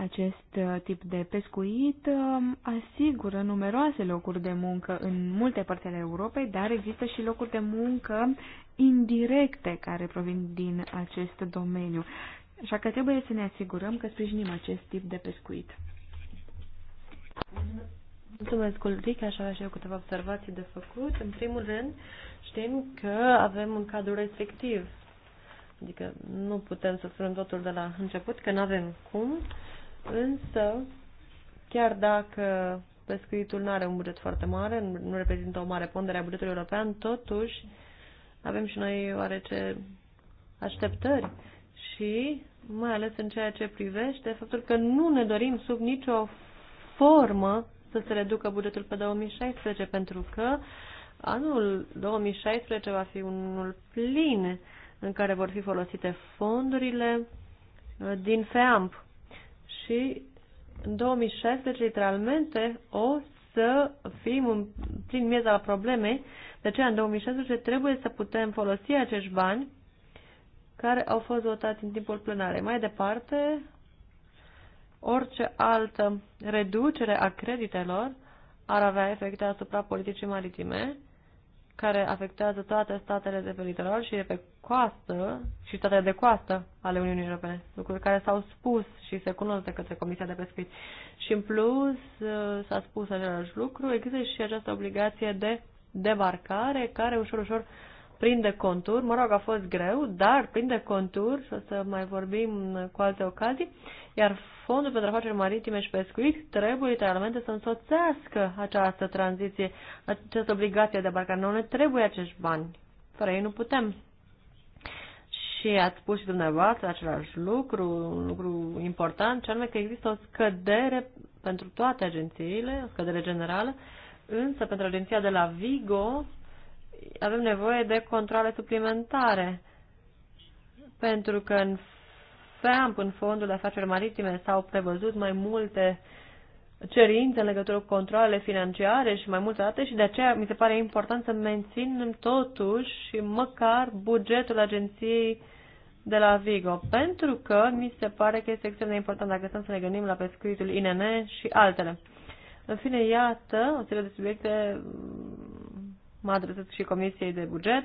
Acest uh, tip de pescuit uh, asigură numeroase locuri de muncă în multe părți ale Europei, dar există și locuri de muncă indirecte care provin din acest domeniu. Așa că trebuie să ne asigurăm că sprijinim acest tip de pescuit. Mulțumesc, Ulrich, așa și eu câteva observații de făcut. În primul rând, știm că avem un cadru restrictiv. Adică nu putem să spunem totul de la început, că nu avem cum. Însă, chiar dacă pescuitul nu are un buget foarte mare, nu reprezintă o mare pondere a bugetului european, totuși avem și noi oarece așteptări și mai ales în ceea ce privește faptul că nu ne dorim sub nicio formă să se reducă bugetul pe 2016, pentru că anul 2016 va fi unul plin în care vor fi folosite fondurile uh, din FEAMP și în 2016, literalmente, o să fim în, plin miez al problemei. De aceea, în 2016, trebuie să putem folosi acești bani care au fost votați în timpul plenarei. Mai departe, orice altă reducere a creditelor ar avea efecte asupra politicii maritime care afectează toate statele de pe litoral și de pe coastă și statele de coastă ale Uniunii Europene, lucruri care s-au spus și se cunosc de către Comisia de Pescuit. Și în plus s-a spus același lucru, există și această obligație de debarcare care ușor, ușor prinde contur. Mă rog, a fost greu, dar prinde contur și o să mai vorbim cu alte ocazii iar Fondul pentru afaceri maritime și pescuit trebuie literalmente să însoțească această tranziție, această obligație de barcare. Nu ne trebuie acești bani. Fără ei nu putem. Și ați spus și dumneavoastră același lucru, un lucru important, ce anume că există o scădere pentru toate agențiile, o scădere generală, însă pentru agenția de la Vigo avem nevoie de controle suplimentare. Pentru că în Trump, în Fondul de Afaceri Maritime, s-au prevăzut mai multe cerințe în legătură cu controlele financiare și mai multe date și de aceea mi se pare important să menținem totuși măcar bugetul agenției de la Vigo, pentru că mi se pare că este extrem de important dacă stăm să ne gândim la pescuitul INN și altele. În fine, iată o serie de subiecte, mă adresez și Comisiei de Buget,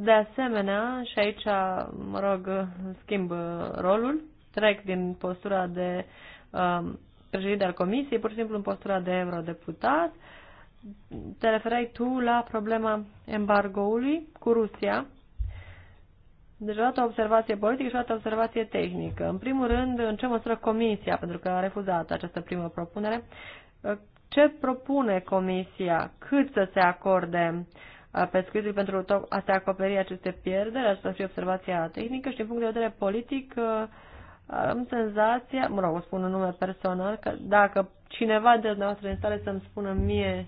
de asemenea, și aici, mă rog, schimb rolul, trec din postura de um, președinte al comisiei, pur și simplu în postura de eurodeputat. Te referai tu la problema embargoului cu Rusia. Deci, o observație politică și o observație tehnică. În primul rând, în ce măsură comisia, pentru că a refuzat această primă propunere, ce propune comisia, cât să se acorde uh, pescuitului pentru a se acoperi aceste pierderi, asta fi observația tehnică și din punct de vedere politic uh, am senzația, mă rog, o spun în nume personal, că dacă cineva de noastră în stare să-mi spună mie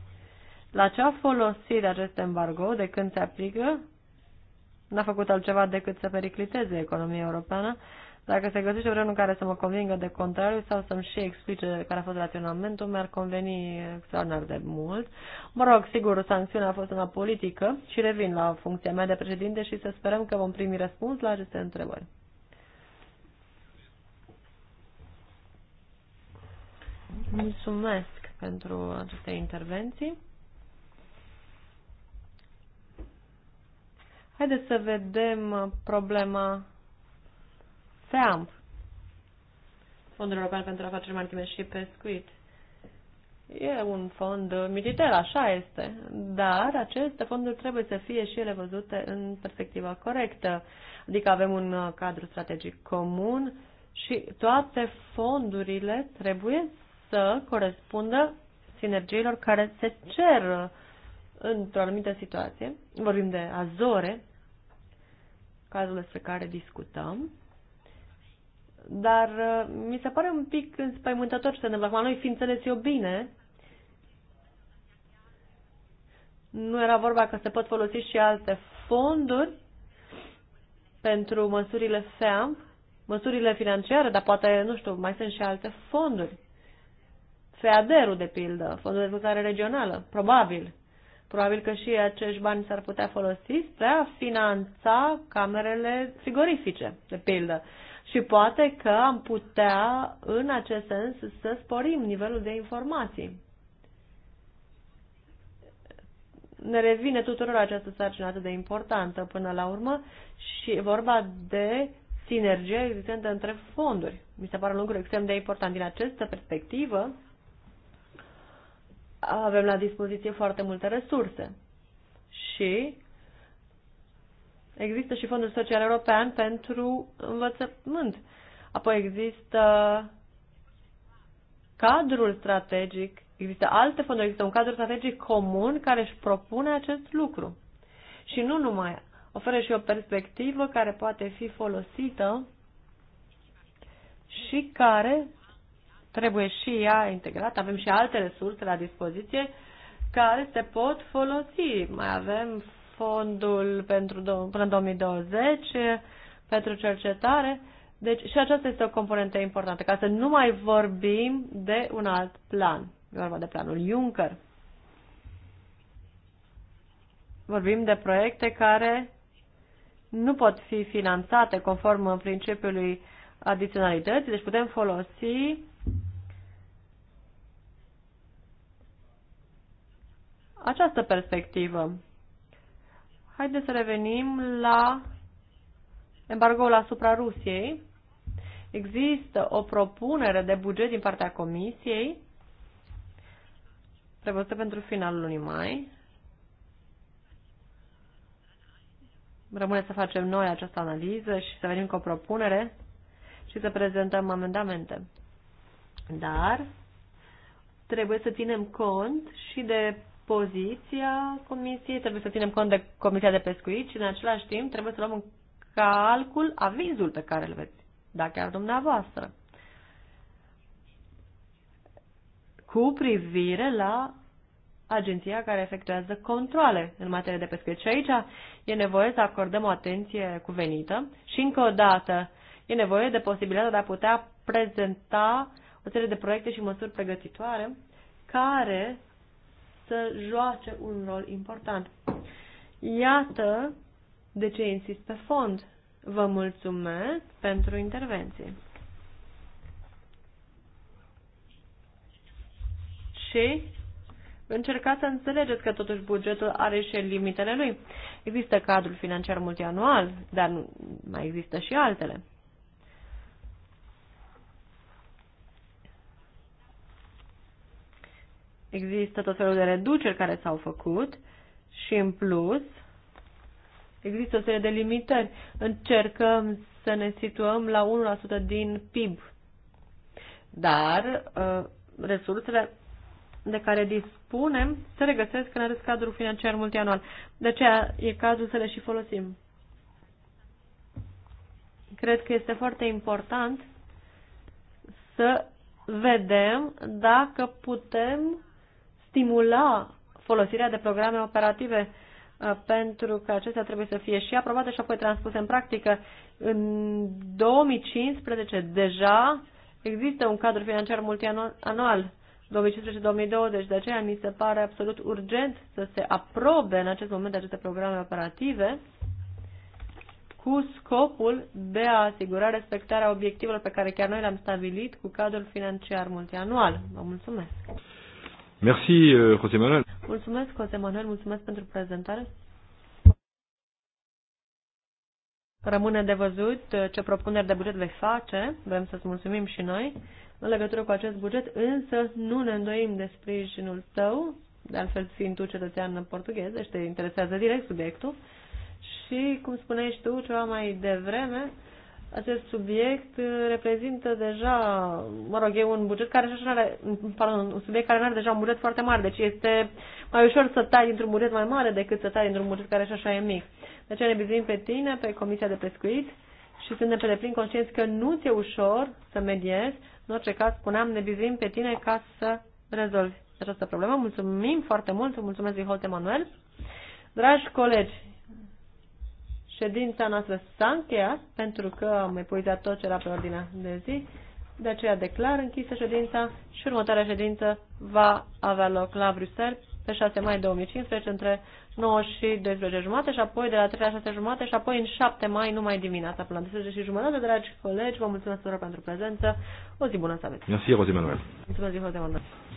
la ce a folosit acest embargo, de când se aplică, n-a făcut altceva decât să pericliteze economia europeană, dacă se găsește vreunul care să mă convingă de contrariu sau să-mi și explice care a fost raționamentul, mi-ar conveni extraordinar de mult. Mă rog, sigur, sancțiunea a fost una politică și revin la funcția mea de președinte și să sperăm că vom primi răspuns la aceste întrebări. Mulțumesc pentru aceste intervenții. Haideți să vedem problema FEAMP, Fondul European pentru Afaceri Maritime și Pescuit. E un fond militar, așa este, dar aceste fonduri trebuie să fie și ele văzute în perspectiva corectă. Adică avem un uh, cadru strategic comun și toate fondurile trebuie să corespundă sinergiilor care se cer într-o anumită situație. Vorbim de Azore, cazul despre care discutăm. Dar uh, mi se pare un pic înspăimântător să se întâmplă. noi fi înțeles eu bine, nu era vorba că se pot folosi și alte fonduri pentru măsurile FEAM, măsurile financiare, dar poate, nu știu, mai sunt și alte fonduri. FEADER-ul, de pildă, Fondul de Dezvoltare Regională, probabil. Probabil că și acești bani s-ar putea folosi spre a finanța camerele frigorifice, de pildă și poate că am putea, în acest sens, să sporim nivelul de informații. Ne revine tuturor această sarcină atât de importantă până la urmă și e vorba de sinergia existentă între fonduri. Mi se pare un lucru extrem de important. Din această perspectivă, avem la dispoziție foarte multe resurse și Există și Fondul Social European pentru învățământ. Apoi există cadrul strategic, există alte fonduri, există un cadru strategic comun care își propune acest lucru. Și nu numai, oferă și o perspectivă care poate fi folosită și care trebuie și ea integrată. Avem și alte resurse la dispoziție care se pot folosi. Mai avem fondul pentru până în 2020 pentru cercetare. Deci și aceasta este o componentă importantă, ca să nu mai vorbim de un alt plan. E vorba de planul Juncker. Vorbim de proiecte care nu pot fi finanțate conform principiului adiționalității, deci putem folosi această perspectivă. Haideți să revenim la embargoul asupra Rusiei. Există o propunere de buget din partea Comisiei prevăzută pentru finalul lunii mai. Rămâne să facem noi această analiză și să venim cu o propunere și să prezentăm amendamente. Dar trebuie să ținem cont și de poziția comisiei, trebuie să ținem cont de Comisia de Pescuit și în același timp trebuie să luăm în calcul avizul pe care îl veți da chiar dumneavoastră. Cu privire la agenția care efectuează controle în materie de pescuit. Și aici e nevoie să acordăm o atenție cuvenită și încă o dată e nevoie de posibilitatea de a putea prezenta o serie de proiecte și măsuri pregătitoare care să joace un rol important. Iată de ce insist pe fond. Vă mulțumesc pentru intervenție. Și încercați să înțelegeți că totuși bugetul are și limitele lui. Există cadrul financiar multianual, dar mai există și altele. Există tot felul de reduceri care s-au făcut și în plus există o serie de limitări. Încercăm să ne situăm la 1% din PIB. Dar uh, resursele de care dispunem se regăsesc în acest cadru financiar multianual. De aceea e cazul să le și folosim. Cred că este foarte important să vedem dacă putem stimula folosirea de programe operative uh, pentru că acestea trebuie să fie și aprobate și apoi transpuse în practică. În 2015 deja există un cadru financiar multianual 2015-2020, de aceea mi se pare absolut urgent să se aprobe în acest moment aceste programe operative cu scopul de a asigura respectarea obiectivelor pe care chiar noi le-am stabilit cu cadrul financiar multianual. Vă mulțumesc! Merci, euh, José Manuel. Mulțumesc, José Manuel, mulțumesc pentru prezentare. Rămâne de văzut uh, ce propuneri de buget vei face, vrem să-ți mulțumim și noi, în legătură cu acest buget, însă nu ne îndoim de sprijinul tău, de altfel fiind tu cetățean portughez, deci te interesează direct subiectul, și, cum spuneai și tu, ceva mai devreme, acest subiect uh, reprezintă deja, mă rog, e un buget care așa are, pardon, un subiect care nu are deja un buget foarte mare, deci este mai ușor să tai dintr-un buget mai mare decât să tai dintr-un buget care și așa e mic. Deci ne vizim pe tine, pe Comisia de Pescuit și suntem pe deplin conștienți că nu ți-e ușor să mediezi, în orice caz, spuneam, ne vizim pe tine ca să rezolvi această problemă. Mulțumim foarte mult, mulțumesc lui Holt Emanuel. Dragi colegi, Ședința noastră s-a încheiat pentru că am epuizat tot ce era pe ordinea de zi. De aceea declar închisă ședința și următoarea ședință va avea loc la Bruxelles pe 6 mai 2015 între 9 și 12 jumate și apoi de la 3 la 6 jumate și apoi în 7 mai numai dimineața până la 12 și jumătate. Dragi colegi, vă mulțumesc tuturor pentru prezență. O zi bună să aveți. Mulțumesc, José Manuel. Mulțumesc, José Manuel.